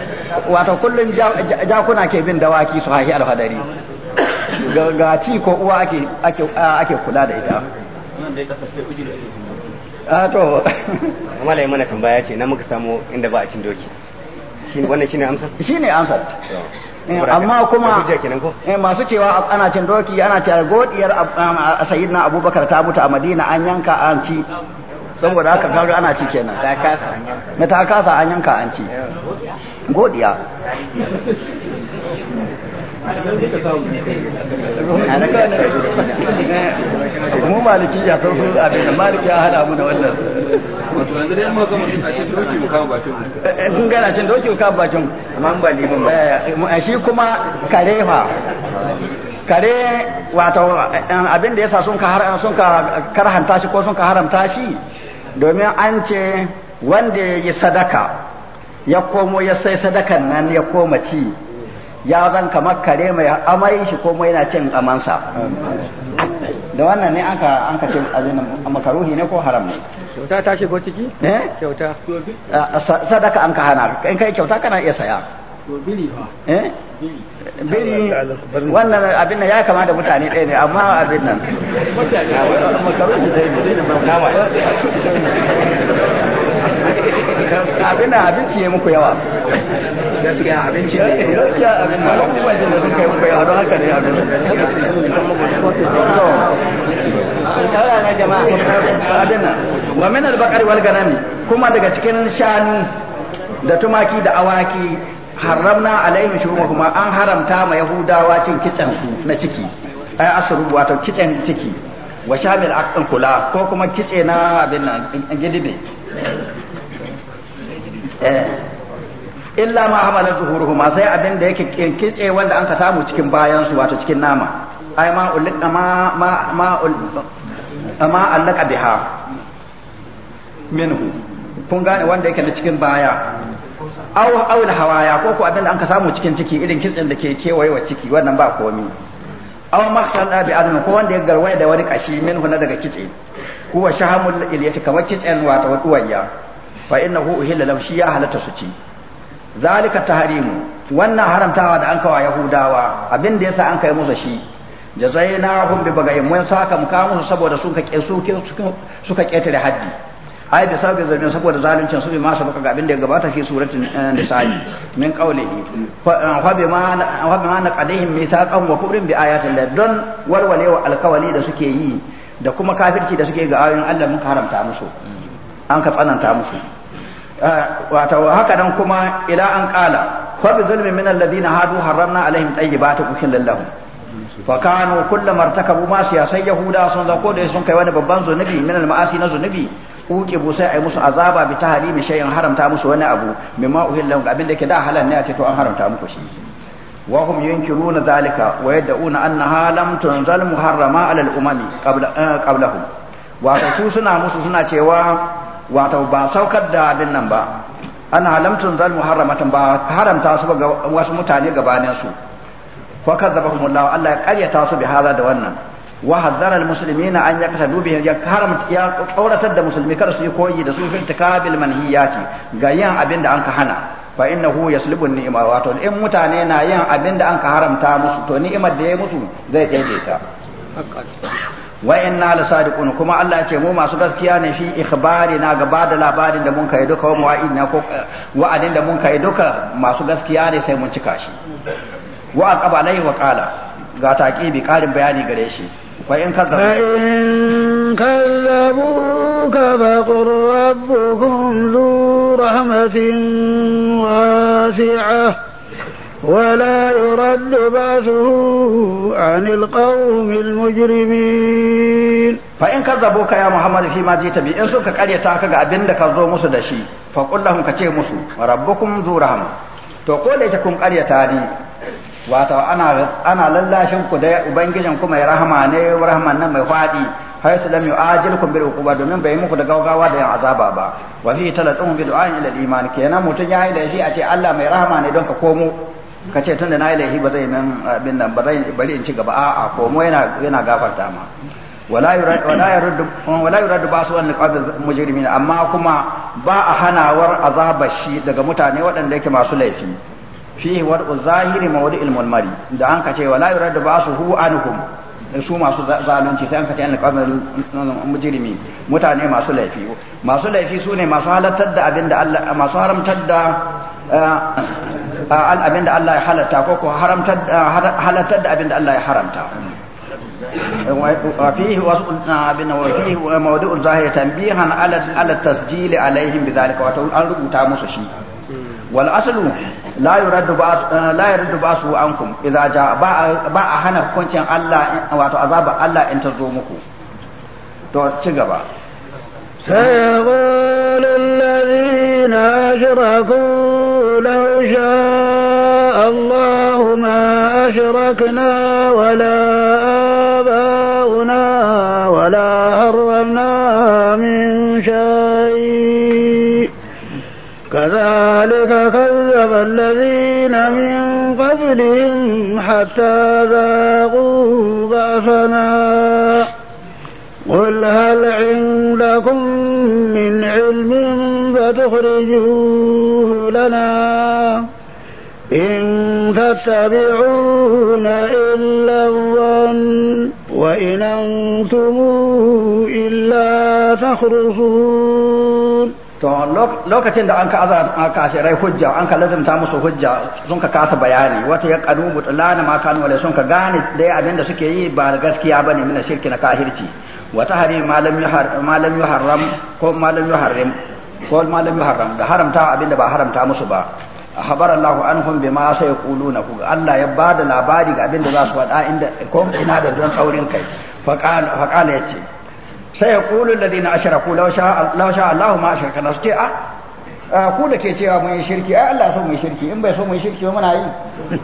wato kullum jakuna ke bin dawaki su hahi alfadari ga ci ko uwa ake kula da ita a ah, to mala yi mana tambaya ce na muka samu inda ba a cin doki wannan shine amsar shine amsar Eh, amma kuma eh, masu cewa ana cin doki ana cewa godiyar sayyidina abubakar ta mutu a madina an yanka an ci saboda haka kaga ana ci kenan na ta kasa an yanka an ci godiya mu maliki ya san su abin da maliki ya hada mu da wannan wato yanzu dai mu ga mutum a cikin doki mu kawo bakin mu kun eh, eh, gana cikin doki mu kawo bakin mu amma ba liman eh, shi kuma kare fa kare wato abin da yasa sun ka sun ka karhanta shi ko sun ka haramta shi domin an ce wanda ya yi sadaka ya komo ya sai sadakan nan ya koma ci ya zan kamar kare mai amai shi ko mai yana cin amansa da wannan ne anka anka cin abin makaruhi ne ko haram ne kyauta ta shigo ciki eh kyauta sadaka an ka hana in kai kyauta kana iya saya biri eh wannan abin nan ya kama da mutane ɗaya ne amma abin nan makaruhi abin nan abinci ne muku yawa gaskiya abinci ne gaskiya abin da kuma jin da suka yi bai hado haka ne abin adana wa min al-baqari wal ganami kuma daga cikin shanu da tumaki da awaki haramna alaihim kuma an haramta ma yahudawa cin kitsen su na ciki ai asru wato kitsen ciki wa shamil aqan kula ko kuma kitse na abin nan gidibe eh illa ma zuhuruhu ma sai abin da yake kinkice wanda an ka samu cikin bayan su wato cikin nama ai ma ulqa ma ma ma ma allaka biha minhu kun gane wanda yake na cikin baya aw aw hawaya ko ko abin da an ka samu cikin ciki irin kitsin da ke kewaye wa ciki wannan ba komi aw makhtal bi adam ko wanda ya garwaya da wani kashi minhu na daga kitse kuwa shahamul ilyati kamar kitsen wato duwayya fa innahu uhilla lahu shi ya halatta su ci zalika tahrimu wannan haramtawa da an kawa yahudawa abin da yasa an kai musu shi jazaina hum bi bagayin mun saka muka musu saboda sun kake suka ketare haddi ai bi sabbi zalmin saboda zaluncin su bi ma sabaka ga abin da ya gabata fi suratul eh, nisa'i min qawlihi fa bi ma wa bi ma naqadihim mithaqan wa kubrin bi ayatin la don walwale wa alqawli da suke yi da kuma kafirci da suke ga ayoyin Allah mun haramta musu an ka tsananta musu Eh, wato haka nan kuma ila an kala fa bi zulmin min alladhina hadu harramna alaihim tayyibatin uhillat lahum fa kanu kullama irtakabu ma sai yahuda sun zako da sun kai wani babban zunubi min almaasi na zunubi uke bu sai ai musu azaba bi tahrimi shay'in haramta musu wani abu mimma uhillat ga abin da ke da halal ne a ce to an haramta muku shi wa hum yunkiruna zalika wa yad'una annaha lam tunzal muharrama ala al-umami qabla eh, qablahum su suna musu suna cewa wato ba saukar da abin nan ba an halamtun zal muharramatan ba haramta su ga wasu mutane gabanin su fa kadzabahum Allah Allah ya karyata su bi hada da wannan wa hadzara almuslimina an yaqtadu bihim ya haramta ya tsauratar da musulmi kada su yi koyi da su fil takabil manhiyati ga yin abin da anka hana fa innahu yaslubu ni'ma wato in mutane na yin abin da anka haramta musu to ni'imar da ya musu zai ta. wa inna la sadiqun kuma Allah ya ce mu masu gaskiya ne fi ikhbarina ga bada labarin da mun kai duka wa na ko wa'adin da mun kai duka masu gaskiya ne sai mun cika shi wa aqaba alaihi wa qala ga taqibi qarin bayani gare shi wa in kadzabuka ba rabbukum zu rahmatin wasi'ah ولا يرد بأسه عن القوم المجرمين فإن كذبوك يا محمد فيما جئت به إن سوك قرية تاكا أبن لك زو مسو دشي فقل لهم كتير مسو وربكم ذو رحمة تقول لكم قرية تاري wato ana ana lallashin ku da ubangijin ku mai rahama ne rahman nan mai fadi hay su lam yu'ajilkum bil uquba domin bai muku da gaugawa da yan azaba ba wa fi talatun bi du'ain ila iman kenan mutun yayi da shi a ce Allah mai rahama ne don ka komo ka ce tun da na yi laifi ba zai nan abin nan ba zai bari in ci gaba a'a komo yana yana gafarta ma wala yurad wala ba su wani kwabin mujirmi amma kuma ba a hanawar azabar shi daga mutane waɗanda yake masu laifi fi wad'u zahiri ma ilmul mari da an ka ce wala da ba su hu anhum su masu zalunci sai an ce an kwabin mujirmi mutane masu laifi masu laifi su ne masu halattar da abin da Allah masu haramtar da eh, abin da Allah ya halatta ko ko halattar da abin Allah ya haramta tanbihan ala ala tasjil alaihim bidhalika wa an rubuta a hana kuncin Allah wato azaba in ta zo muku to الذين أشركوا لو شاء الله ما أشركنا ولا آباؤنا ولا حرمنا من شيء كذلك كذب الذين من قبلهم حتى ذاقوا بأسنا قل هل عندكم من لا تخرجوه لنا إن تتبعون إلا الظن وإن أنتم إلا تخرصون to lokacin da an ka an kafirai hujja an ka lazimta musu hujja sun ka kasa bayani wata ya kanu mutlana ma kanu wala sun ka gane dai abin da suke yi ba gaskiya bane mina shirki na kafirci wata hari malam yuharram ko malam yuharrim ko ma lam haram da haramta abinda ba haramta musu ba habar Allahu anhum bima sayquluna ku Allah ya bada labari ga abinda za su faɗa inda ko ina da don saurin kai fa qala ya ce yace sai ya kulu alladhina ashraku law sha law sha Allah ma ashrakana su ce a ku da ke cewa mun yi shirki ai Allah so mun yi shirki in bai so mun yi shirki ba muna yi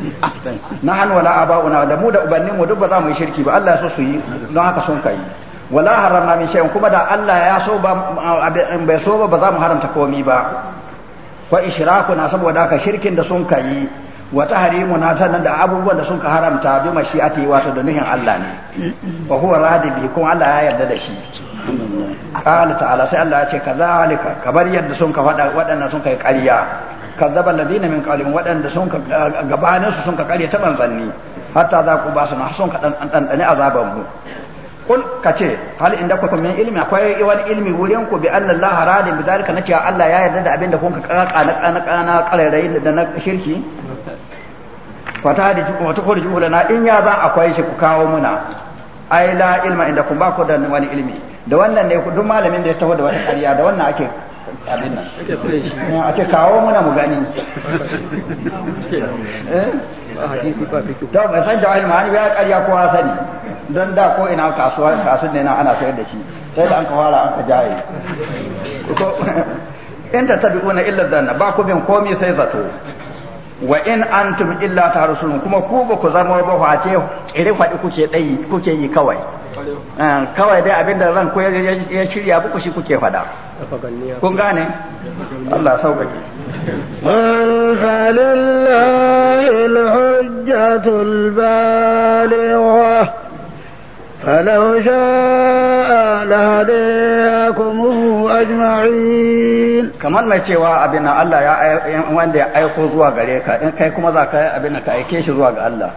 na hannu wala aba'una da mu da mu duk ba za mu yi shirki ba Allah so su yi don haka sun kai wala haramna min shay'in kuma da Allah ya so ba bai so ba ba za mu haramta komi ba wa ishrakuna saboda haka shirkin da sun kai wa tahrimuna sanan da abubuwan da sun ka haramta bi mashi'ati wato da nuhin Allah ne wa huwa radi bi kuma Allah ya yarda da shi qala ta'ala sai Allah ya ce kazalika kabar yadda sun ka faɗa waɗannan sun kai ƙarya kazzaba alladhina min qablihim waɗanda sun ka gabanin su sun ka ƙarya ta manzanni hatta za ku ba su ma sun ka dan dan azaban mu kul ka ce hal inda ku min ilmi akwai wani ilmi wurin ku bi anna Allah radin bi zalika nace Allah ya yarda da abin da kun ka kana na kana kana kararai da na shirki fata da ku wata ko da na in ya za akwai shi ku kawo muna ai la ilma inda kun ba ku da wani ilmi da wannan ne duk malamin da ya taho da wata ƙarya da wannan ake abin nan a ce kawo muna mu gani eh? to mai san jawahir ma'ani ya karya kowa sani don da ko ina kasuwa kasuwan ne na ana sayar da shi sai da an ka fara an ka jaye in ta tabi'una illa zanna ba ku bin komai sai zato wa in antum illa tarusun kuma ku ba ku zama ba a ce ire faɗi kuke dai kuke yi kawai eh, kawai dai abinda ran ko ya shirya buku shi kuke faɗa kun gane Allah sauƙaƙe man فلله الحجة البالغة فلو شاء لهديكم ajma'in kamar mai cewa abin nan Allah ya wanda ya aiko zuwa gare ka in kai kuma za ka yi abin ka aike shi zuwa ga Allah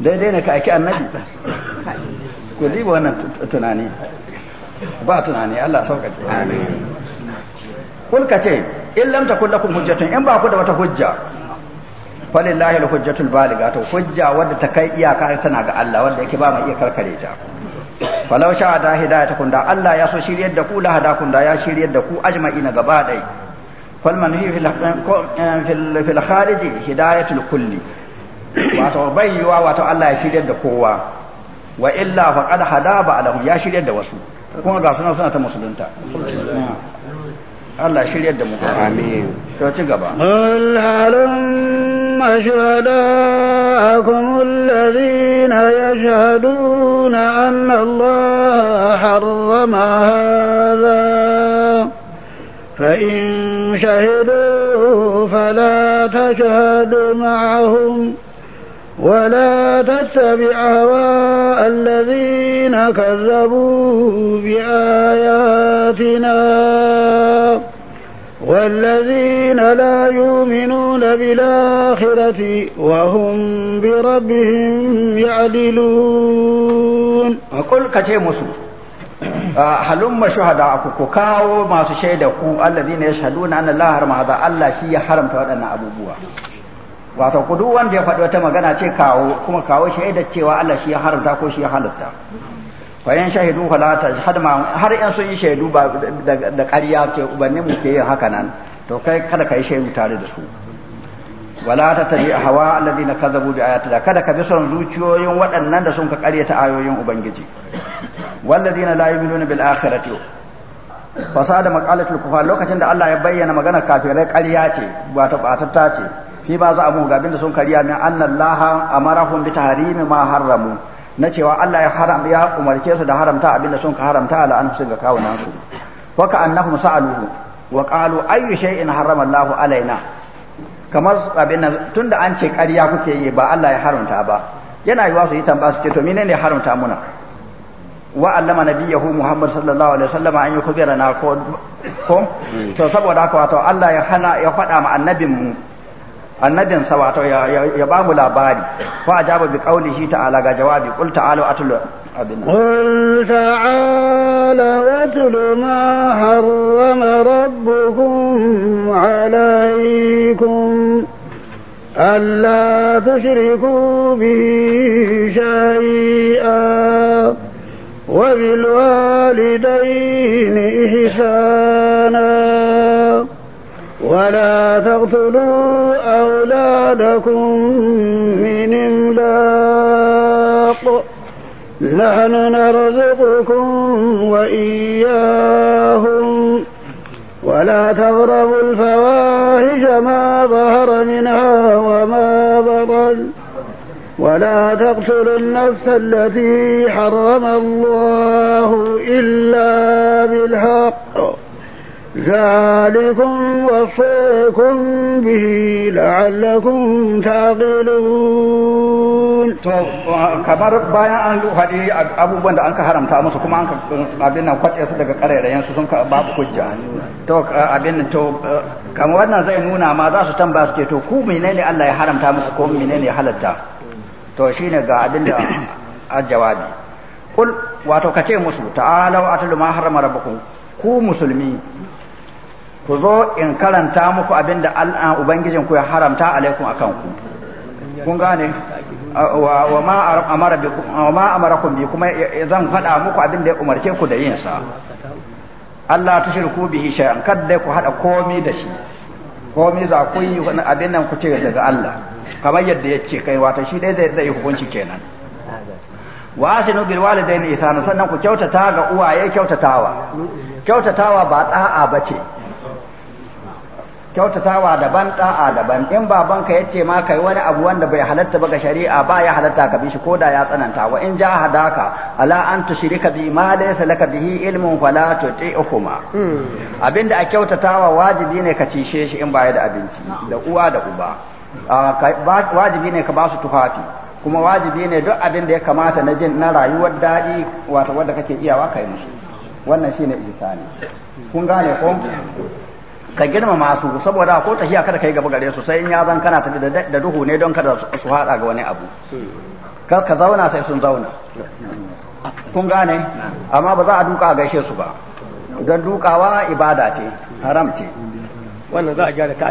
daidai ne ka aiki annabi ku diba wannan tunani ba tunani Allah sauƙaƙe kul ka ce in lam takul lakum hujjatun in ba ku da wata hujja falillahi alhujjatul baliga to hujja wadda ta kai iyaka tana ga Allah wanda yake ba mai iya karkare ta falau sha da hidayata kun da Allah ya so shiryar da ku la hada kun da ya shiryar da ku ajma'ina gaba dai fal manhi eh, fil fil kharij hidayatul kulli wato bayyuwa wato Allah ya shiryar da kowa wa illa faqad hada ba alahum ya shiryar da wasu kuma ga suna suna ta musulunta Allah shiryar da mu amin to ci gaba qul halum mashhadakum alladhina yashhaduna anna Allah harrama hadha فإن شهدوا فلا تشهد معهم ولا تتبع هواء الذين كذبوا بآياتنا والذين لا يؤمنون بالآخرة وهم بربهم يعدلون أقول كتير halumma shuhada ku ku kawo masu shaida ku alladhina yashhaduna anna Allah harama Allah shi ya haramta waɗannan abubuwa wato ku duk wanda ya faɗi wata magana ce kawo kuma kawo shaida cewa Allah shi ya haramta ko shi ya halatta fa yan shahidu fala ta ma har in sun yi shaidu ba da ƙarya ce ubanni mu ke yin haka nan to kai kada ka yi shaidu tare da su wala ta tabi hawa alladhina kadzabu bi la kada ka bi son zuciyoyin waɗannan da sun ka ƙaryata ayoyin ubangiji walladhina la yu'minuna bil akhirati fasada maqalatul kufar lokacin da Allah ya bayyana magana kafirai ƙarya ce ba ta ce fi ma za a mu gabin da sun kariya min annallaha amarahum bi tahrimi ma harramu na cewa Allah ya haram ya umarce su da haramta abin da sun ka haramta ala an sun ga kawo nan su wa ka annahum sa'aluhu wa qalu ayyu shay'in harrama Allahu alaina kamar abin nan tunda an ce ƙarya kuke yi ba Allah ya haramta ba yana yiwa su yi tambaya su ce to menene ya haramta muna wa allama nabiyahu Muhammad sallallahu alaihi wasallam an yukbirana ko ko hmm. to saboda haka wato Allah ya hana ya faɗa ma annabin mu annabin sa wato ya ba mu labari fa ajaba bi shi ta'ala ga jawabi qul ta'alu atul abin qul ta'ala atul ma harrama rabbukum alaykum ألا تشركوا به شيئا وبالوالدين إحسانا ولا تقتلوا أولادكم من إملاق نحن نرزقكم وإياهم ولا تغربوا الفواحش ما ظهر منها وما بطن ولا تقتلوا النفس التي حرم الله إلا بالحق ذلكم وصيكم به لعلكم تعقلون to kamar bayan an haɗi abubuwan da an ka haramta musu kuma an abin nan kwace su daga ƙarairayen su sun babu hujja to abin to kamar wannan zai nuna ma za su tambaya su ce to ku menene Allah ya haramta muku ko menene halatta to shine ga abin da a jawabi kul wato kace musu ta'alau atlu ma harrama rabbukum ku musulmi ku zo in karanta muku abin da ubangijin ku ya haramta alaikum akan ku kun gane wa ma a bi kuma zan faɗa muku abin da ya umarce ku da yinsa. sa Allah shirku bihi shay'an kadda ku haɗa komi da shi komi za ku yi abin nan ku ce daga Allah kamar yadda ya ce kai wata shi dai zai zai hukunci kenan wa asinu bil walidaini ihsana sannan ku kyautata ga uwaye kyautatawa kyautatawa ba ɗa'a bace kyautatawa daban da'a daban in babanka ya ce ma kai wani abu wanda bai halatta ba ga shari'a ba ya halatta ka bi shi ko da ya tsananta wa in ja hadaka ala an tushrika bi ma laysa laka bihi ilmun fala tuti'huma hmm. abinda a kyautatawa wajibi ne ka cishe shi in baya da abinci da uwa da uba wajibi ne ka ba su tufafi kuma wajibi ne duk abin da ya kamata na jin na rayuwar daɗi wato wanda kake iyawa kai musu wannan shine ihsani kun gane ko ka girmama su saboda ko tahiya kada yi gaba gare su sai in ya zan kana tafi da duhu ne don kada su hada ga wani abu kar ka zauna sai sun zauna kun gane amma ba za a duka a gaishe su ba don dukawa ibada ce haram ce wannan za a gyara ta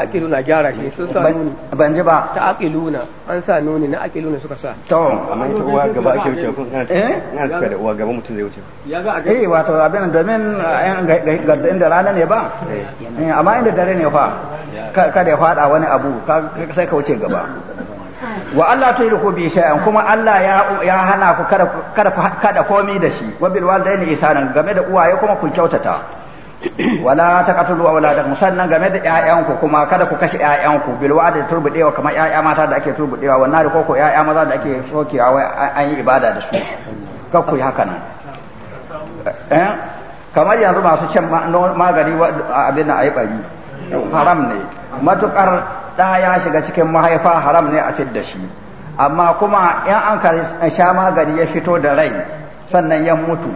aqilu eh? na gyara shi sun sa nuni ban ji ba ta aqiluna an sa nuni na aqiluna suka sa to amma ita uwa gaba ake wuce kun kana eh? ina tuka da uwa gaba mutum zai wuce ya za a eh wato abin domin eh, garda inda rana ne ba amma inda dare ne fa kada ya fada wani abu sai ka wuce gaba wa Allah ta yi bi shay'an kuma Allah ya hana ku kada komi da shi wa bil isa isanan game da uwaye kuma ku kyautata wala ta wala awladakum sannan game da ƴaƴanku kuma kada ku kashe ƴaƴanku bil da turbudewa kamar ƴaƴa mata da ake turbudewa wannan da koko ƴaƴa maza da ake sokewa wai an yi ibada da su kar ku yi haka nan eh kamar yanzu masu cin magani abin nan ayi bari haram ne matukar da ya shiga cikin mahaifa haram ne a fidda shi amma kuma in an sha magani ya fito da rai sannan ya mutu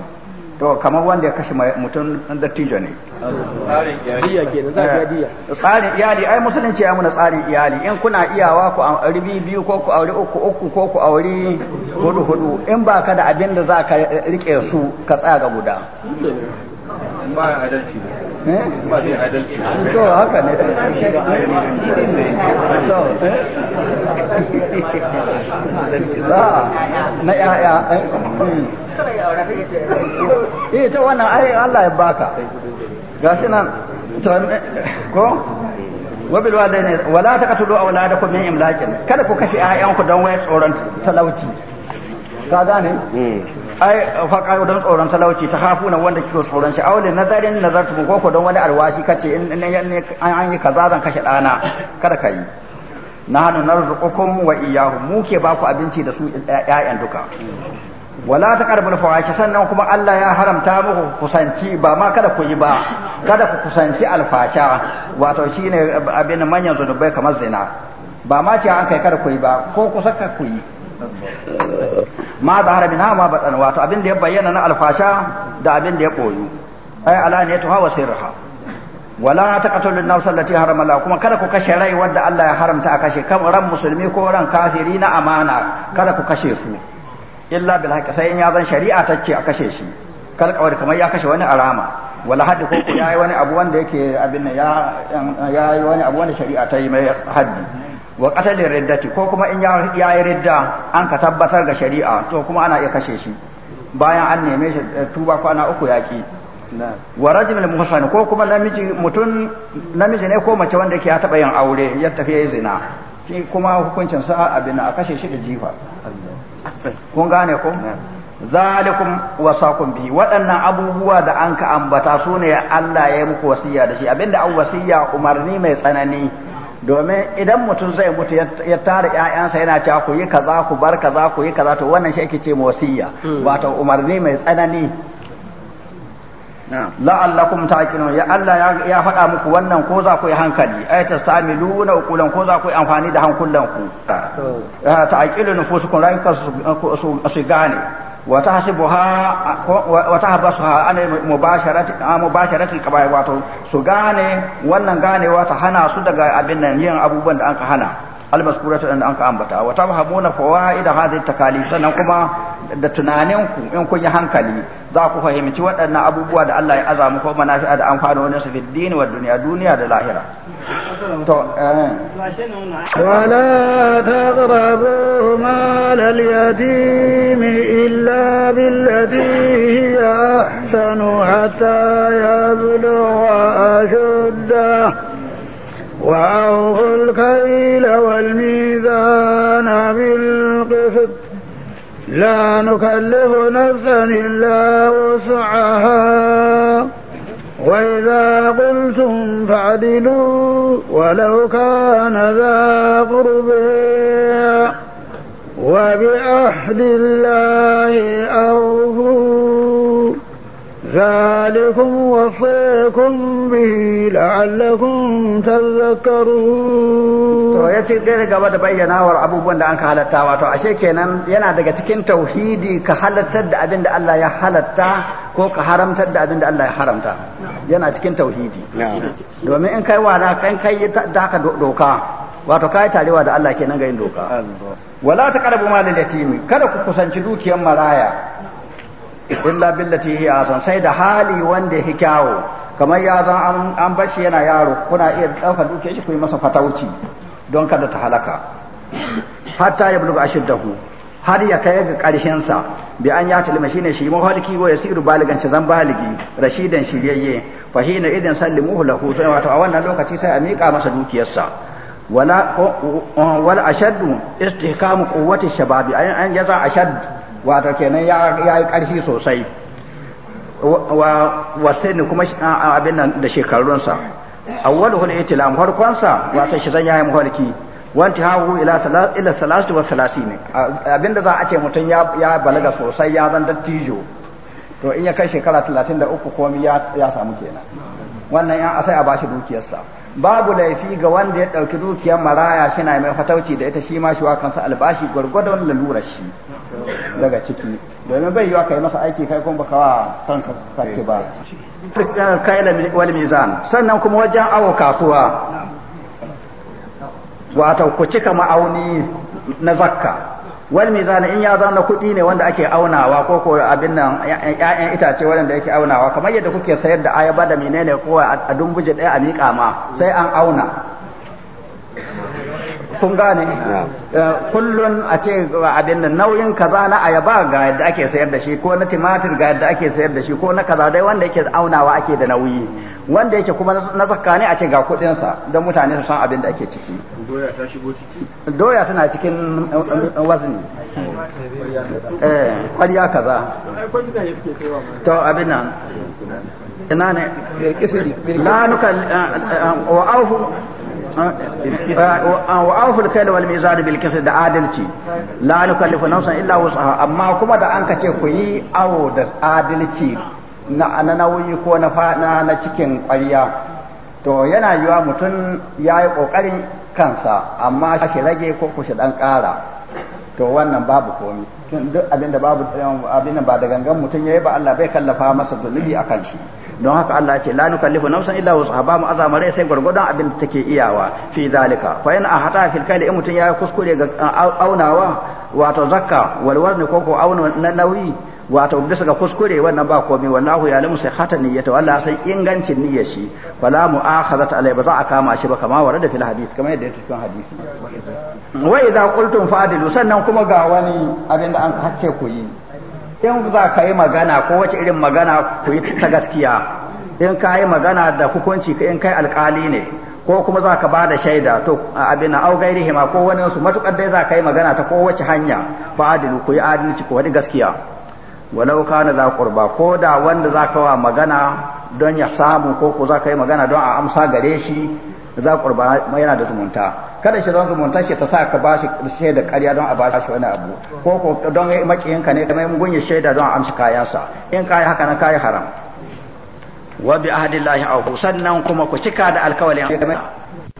to kamar wanda ya kashe mutum dattijo ne eh, tsarin iyali ai musulunci ya muna tsarin iyali in kuna iyawa ku a ribi biyu ko ku auri uku uku ko ku auri hudu hudu in ba ka da abin da za ka rike su ka tsaya ga guda ba adalci eh? ba zai adalci so haka ne so eh? na ya'ya hmm. eh to wannan ai Allah ya baka gashi nan to ko wabil ne wala taqtulu awladakum min imlaqin kada ku kashe ƴaƴanku don wai tsoron talauci ka gane hmm. ai faƙaro don tsoron talauci ta hafu na wanda kike tsoron shi aulin nazarin nazartum ko don wani alwashi kace in an yi kaza zan kashe ɗana kada ka yi nahnu narzuqukum wa iyyahum mu ke ba ku abinci da su ƴaƴan duka wala ta karbul fawahisha sannan kuma Allah ya haramta muku kusanci ba ma kada ku yi ba kada ku kusanci alfasha wato shine abin manyan zunubai kamar zina ba ma ce an kai kada ku yi ba ko kusa ka ku yi ma da harabi na ma batsan wato abin da ya bayyana na alfasha da abin da ya koyu ai alaniyatu hawa sirha wala taqtulun nafs allati harama Allah kuma kada ku kashe rai wanda Allah ya haramta a kashe kan ran musulmi ko ran kafiri na amana kada ku kashe su illa bil haqq sai in ya zan shari'a ta ce a kashe shi kal kawar kamar ya kashe wani arama wala haddi ko ya yayi wani abu wanda yake abin ya yayi wani abu wanda shari'a ta yi mai haddi wa qatali riddati ko kuma in ya yi ridda an ka tabbatar ga shari'a to kuma ana iya kashe shi bayan an neme shi eh, tuba kwana uku yaki wa rajulul muhsan ko kuma namiji mutun namiji ne ko mace wanda yake ya taba yin aure ya tafi yayi zina shi kuma hukuncin sa abin a kashe shi da jifa kun gane ko zalikum wasakum bihi waɗannan abubuwa da an ka ambata su ne Allah ya yi muku wasiya da shi abinda an wasiya umarni mai tsanani domin idan mutum zai mutu ya tara ƴaƴansa yana cewa ku yi kaza ku bar kaza ku yi kaza to wannan shi ake ce wasiya hmm. wato umarni mai tsanani la'allakum ta'qilun ya Allah ya faɗa muku wannan ko za ku yi hankali ay tastamiluna uqulan ko za ku yi amfani da hankulan ku ah, ta'qilun nufusukum rayuka su gane wa tahsibuha wa tahbasuha an mubasharati mubasharati kabai wato su gane wannan ganewa ta hana su daga abin nan yin abubuwan da an ka hana almaskuratu da an ka ambata wa kowa fawaid haza takalif sannan kuma da tunanin ku in kun yi hankali za ku fahimci waɗannan abubuwa da Allah ya aza muku manafi'a da amfani wani su fiddini wa duniya duniya da lahira to eh. wala taqrabu mal al yatim illa billati hiya ahsanu hatta yablugha ashuddahu وأوفوا الكيل والميزان بالقسط لا نكلف نفسا إلا وسعها وإذا قلتم فعدلوا ولو كان ذا قرب وبعهد الله أوفوا ذلكم وصيكم به la'allakum tadhakkarun to yace dai gaba da bayyanawar abubuwan da anka halatta wato ashe kenan yana daga cikin tauhidi ka halattar da abin da Allah ya halatta ko ka haramtar da abin da Allah ya haramta yana cikin tauhidi domin in kai wala kan kai da ka doka wato kai tarewa da Allah kenan ga yin doka wala taqrabu malal yatim kada ku kusanci dukiyar maraya illa billati hi asan sai da hali wanda yake kyawo kamar ya zan an bashi yana yaro kuna iya ɗaukar duke shi ku yi masa fatauci don kada ta halaka hatta ya bulu ashiddahu har ya kai ga ƙarshen sa bi an ya talima shine shi mahaliki wa yasiru baligan ce zan baligi rashidan shiryayye fa hina idan sallimuhu lahu sai wato a wannan lokaci sai a miƙa masa dukiyarsa wala wala ashaddu istihkamu quwwati shababi an yaza ashaddu wato kenan ya yi ƙarfi sosai wa ne kuma abin nan da shekarunsa hul itlam farkonsa wato shi zan yayi mulki wanti hawu ila ila salatu wa salasini abinda za a ce mutum ya balaga sosai ya zan dattijo to in ya kai shekara 33 komai ya samu kenan wannan ya asai a bashi dukiyarsa babu laifi ga wanda ya ɗauki dukiyar maraya shina mai fatauci da ita shi ma shi kansa albashi gwargwadon lalurar shi daga ciki domin bai wa kai masa aiki kai kuma baka wa kanka kake ba kaila wal mizan sannan kuma wajen awo kasuwa wato ku cika ma'auni na zakka wal mizan in ya zama kuɗi ne wanda ake aunawa ko ko abin nan ƴaƴan itace wanda yake aunawa kamar yadda kuke sayar da ayaba da menene ko a dumbuje ɗaya a miƙa ma sai an auna kun gane eh, kullun a ce abin nan nauyin kaza na ayaba ga yadda ake sayar da shi ko na timatir ga yadda ake sayar da shi ko na kaza dai wanda yake aunawa ake da nauyi wanda yake kuma na tsakani a ce ga kudinsa don mutane su san abin da ake ciki doya ta shigo ciki doya tana cikin wazini eh, eh kwariya kaza to abin nan ina ne la nuka eh, wa aufu eh, wa awful kayl wal mizan bil qisd da adalci la nukallifu nafsan illa wusaha amma kuma da an kace ku yi awo da adalci na nauyi ko na fana na cikin ƙwarya to yana yiwa mutum ya yi ƙoƙarin kansa amma shi rage ko kushe shi ɗan ƙara to wannan babu komi duk abinda babu abin ba da gangan mutum yi ba Allah bai kallafa masa zunubi akan shi don haka Allah ya ce la nukallifu nafsan illa wusaha ba mu azama rai sai gurgurdan abin da take iyawa fi zalika fa yana hata fil kali in mutum yi kuskure ga aunawa wato zakka wal wazni ko ko auna nauyi wato bisa ga kuskure wannan ba komai wallahu ya lamu sai hata niyyata wallahi san ingancin niyyar shi wala mu'akhazat alai ba za a kama shi ba kama warada fil hadith kamar yadda ya cikin hadisi wa idza qultum fa'dilu sannan kuma ga wani abinda an hacce ku yi in za ka yi magana ko wace irin magana ku yi ta gaskiya in ka yi magana da hukunci in kai alkali ne ko kuma za ka ba da shaida to abin au gairihima ko wani su matukar dai za ka yi magana ta kowace hanya fadilu ku yi adalci ku wani gaskiya walau kana za qurba ko da wanda za ka wa magana don ya samu ko ko za ka yi magana don a amsa gare shi za qurba yana da zumunta kada shi zan zumunta shi ta sa ka shi da ƙarya don a ba shi wani abu ko ko don ka ne kamar gunyi shaida don a amsa kayansa in kai haka na kai haram wa bi ahdillahi aw sannan kuma ku cika da alkawalin